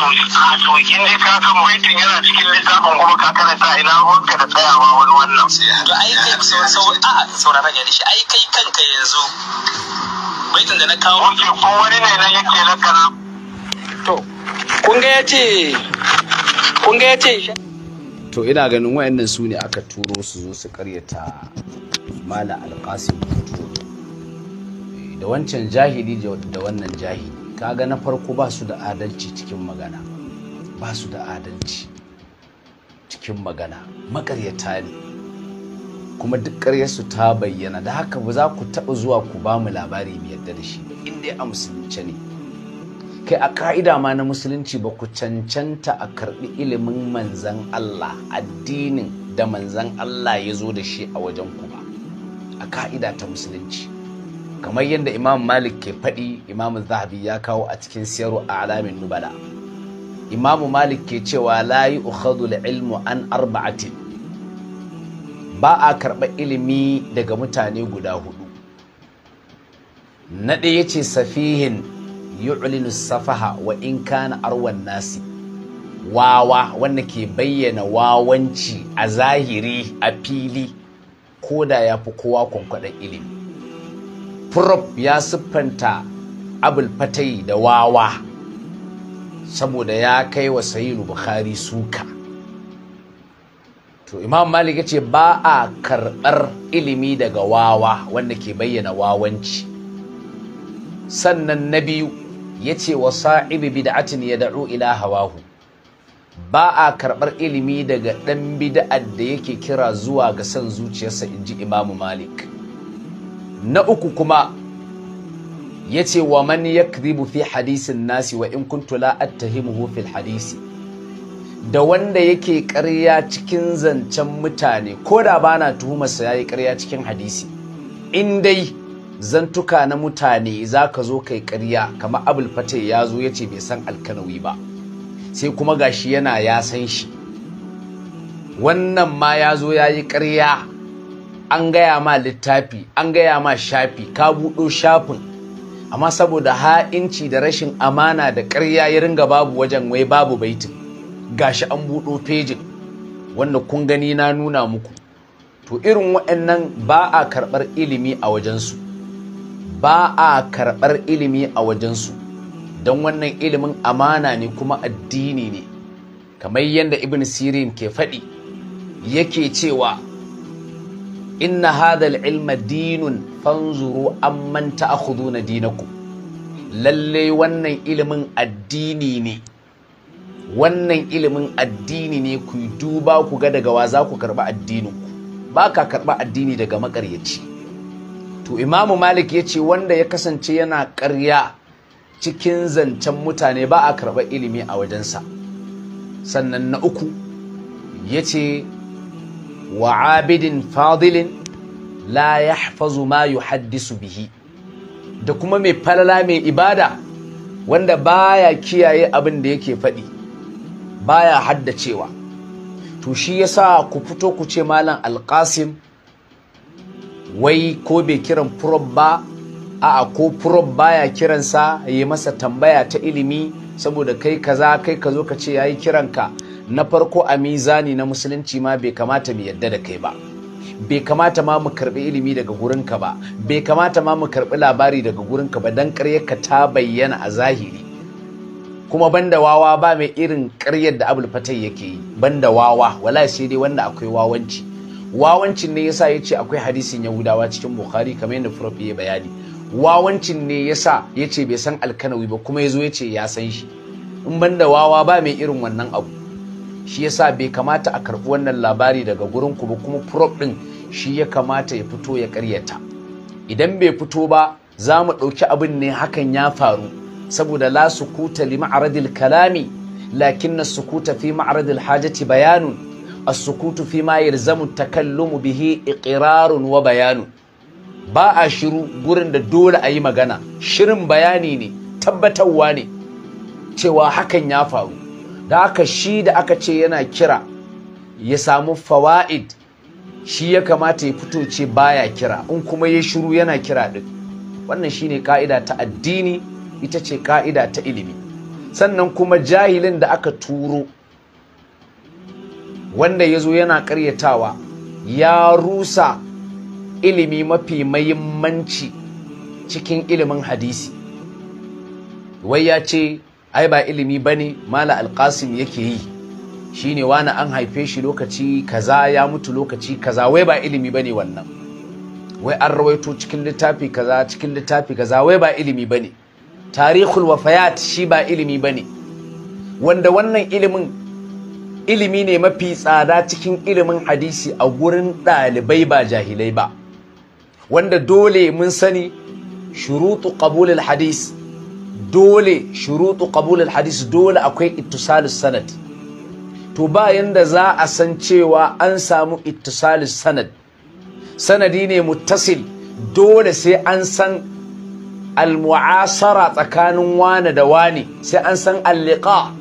To in dai ka san baitin yana cikin littafin kuma ka karanta ina ruwanka da tsayawa wani wannan. To ai kai saurara ga shi ai kai kanka yanzu. Baitin da na kawo. Oke ko wani ne na yake lakana. To kun ga ya kun ga ya to ina ganin wayannan su ne aka turo su zo su karyata mala alkasi eh, da wancan jahili da wannan jahili kaga na farko ba su da adalci cikin magana ba su da adalci cikin magana makaryata ne kuma duk karyarsu ta bayyana da haka ba za ku taɓa zuwa ku ba mu labari mai yadda da shi inda a musulunce ne kai a ka'ida ma na musulunci ba ku cancanta a karɓi ilimin manzan Allah addinin da manzan Allah ya zo da shi a wajen ku ba a ka'ida ta musulunci kamar yadda imam malik ke faɗi imam zahabi ya kawo a cikin siyaru a alamin nubala Imam malik ke cewa layi ukhadu ilmu an arba'atin ba a karɓa ilimi daga mutane guda hudu na ɗaya ce safihin yu'linu safaha wa in kana arwan nasi wawa wanda ke bayyana wawanci a zahiri a fili ko da ya fi kowa kwankwaɗon ilimi furof ya siffanta abul fatai da wawa saboda ya kai wa sayilu bukhari suka to imam malik ya ce ba a karɓar ilimi daga wawa wanda ke bayyana wawanci sannan na biyu yace wa sa’ibi bid'atin yad'u ila hawahu ba a karɓar ilimi daga ɗan bida'ar da yake kira zuwa ga son zuciyarsa in ji imamu malik na uku kuma ya ce wa man yakdhibu fi hadisin nasi wa in kuntu la attahimuhu fil hadisi da wanda yake ƙarya cikin zancen mutane ko da bana tuhumarsa yayi ƙarya cikin hadisi in dai zantuka na mutane za ka zo kai karya kama abul fate ya zo ya ce bai san alkanawi ba sai kuma gashi yana ya san shi wannan ma ya zo ya yi ƙarya an gaya ma littafi an gaya ma shafi ka buɗo shafin amma saboda ha'inci da rashin amana da karya ya ringa babu wajen wai babu baitin gashi an buɗo fejin wanda kun gani na nuna muku to irin waɗannan ba a karɓar ilimi a wajensu ba a karɓar ilimi a wajensu don wannan ilimin amana ne kuma addini ne kamar yadda ibn sirin ke faɗi yake cewa inna hadal ilma dinun fanzuru amman na dinaku lalle wannan ilimin addini ne wannan ilimin addini ne ku duba ku ga daga wa za ku karɓi addininku ba ka karɓi addini daga maƙaryaci to imamu malik ya ce wanda ya kasance yana karya cikin zancen mutane ba a karɓar ilimi a wajensa sannan na uku ya ce wa abidin fadilin la ya ma haddisu bihi da kuma mai falala mai ibada wanda baya kiyaye abin da yake faɗi baya haddacewa to shi ya sa ku fito ku ce malam alƙasim wai ko bai kiran prof ba a'a ko prof baya kiransa ya masa tambaya ta ilimi saboda kai kaza kai ka zo ka ce yayi kiranka na farko a mizani na musulunci ma bai kamata mu yadda da kai ba bai kamata ma mu karbi ilimi daga gurinka ba bai kamata ma mu karbi labari daga gurinka ba dan ka ta bayyana a zahiri kuma banda wawa ba mai irin karyar da abul fatai yake yi banda wawa wala sai dai wanda akwai wawanci wawancin ne yasa yace akwai hadisin yahudawa cikin bukhari kamar yadda prof ya bayani wawancin ne yasa yace bai san alkanawi ba kuma yazo yace ya san shi in banda wawa ba mai irin wannan abu shi yasa bai kamata a karɓi wannan labari daga gurin ku ba kuma prof din shi ya kamata ya fito ya karyata idan bai fito ba za mu ɗauki abin ne hakan ya faru saboda la sukuta li ma'radil kalami lakin na sukuta fi ma'radil hajati bayanun as-sukutu fi ma yalzamu takallumu bihi iqrarun wa bayanu ba a shiru gurin da dole a yi magana shirin bayani ne tabbatarwa ne cewa hakan ya faru da aka shi da aka ce yana kira ya samu fawa'id shi ya kamata ya fito ce baya kira in kuma ya shiru yana kira din wannan shine ka'ida ta addini ita ce ka'ida ta ilimi sannan kuma jahilin da aka turo wanda ya zo yana karyatawa ya rusa ilimi mafi mahimmanci cikin ilimin hadisi wai ya ce ai ba ilimi ba ne mala alkasim yake yi Shi ne wani an haife shi lokaci kaza ya mutu lokaci kaza wai ba ilimi ba ne wannan wai an rawaito cikin littafi kaza cikin littafi kaza wai ba ilimi ba ne tarihul wafayat shi ba ilimi ba ne wanda wannan ilimin ilimi ne mafi tsada cikin ilimin hadisi a gurin ɗalibai ba jahilai ba wanda dole mun sani shurutu qabulul hadis dole shurutu qabulul hadis dole akwai ittisalus sanad to bayan da za a san cewa an samu ittisalus sanad sanadi ne muttasil dole sai an san almu'asara tsakanin wane da wane sai an san alliqa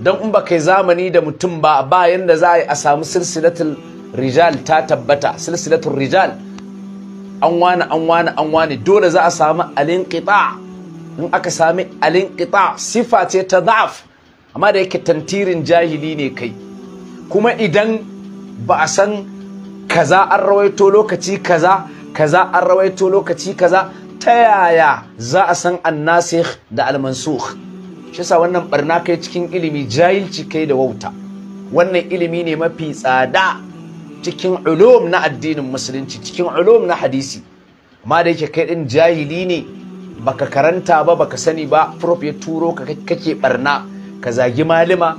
don in ba kai zamani da mutum ba bayan da za a yi a samu silsilatul rijal ta tabbata silsilatul rijal an wani an wani an wani dole za a samu alin qita in aka sami alin qita sifa ce ta da'af amma da yake tantirin jahili ne kai kuma idan ba a san kaza an rawaito lokaci kaza kaza an rawaito lokaci kaza ta yaya za a san annasikh da almansukh shi wannan barna kai cikin ilimi jahilci kai da wauta wannan ilimi ne mafi tsada cikin ulum na addinin musulunci cikin ulum na hadisi amma da yake kai din jahili ne baka karanta ba baka sani ba prof ya turo ka kake barna ka zagi malima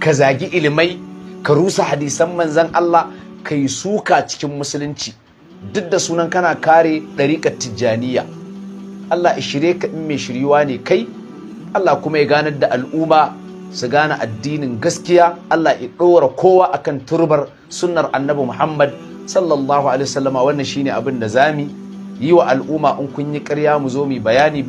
ka zagi ilimai ka rusa hadisan manzan Allah ka suka cikin musulunci duk da sunan kana kare dariƙar tijjaniya Allah ishire ka in mai shiryuwa ne kai Allah kuma ya ganar da al'umma su gane addinin gaskiya Allah ya ɗora kowa akan turbar sunnar annabi Muhammad sallallahu alaihi wasallama wannan shine abin da zamu yi wa al'umma in kun yi ƙarya mu zo mu bayani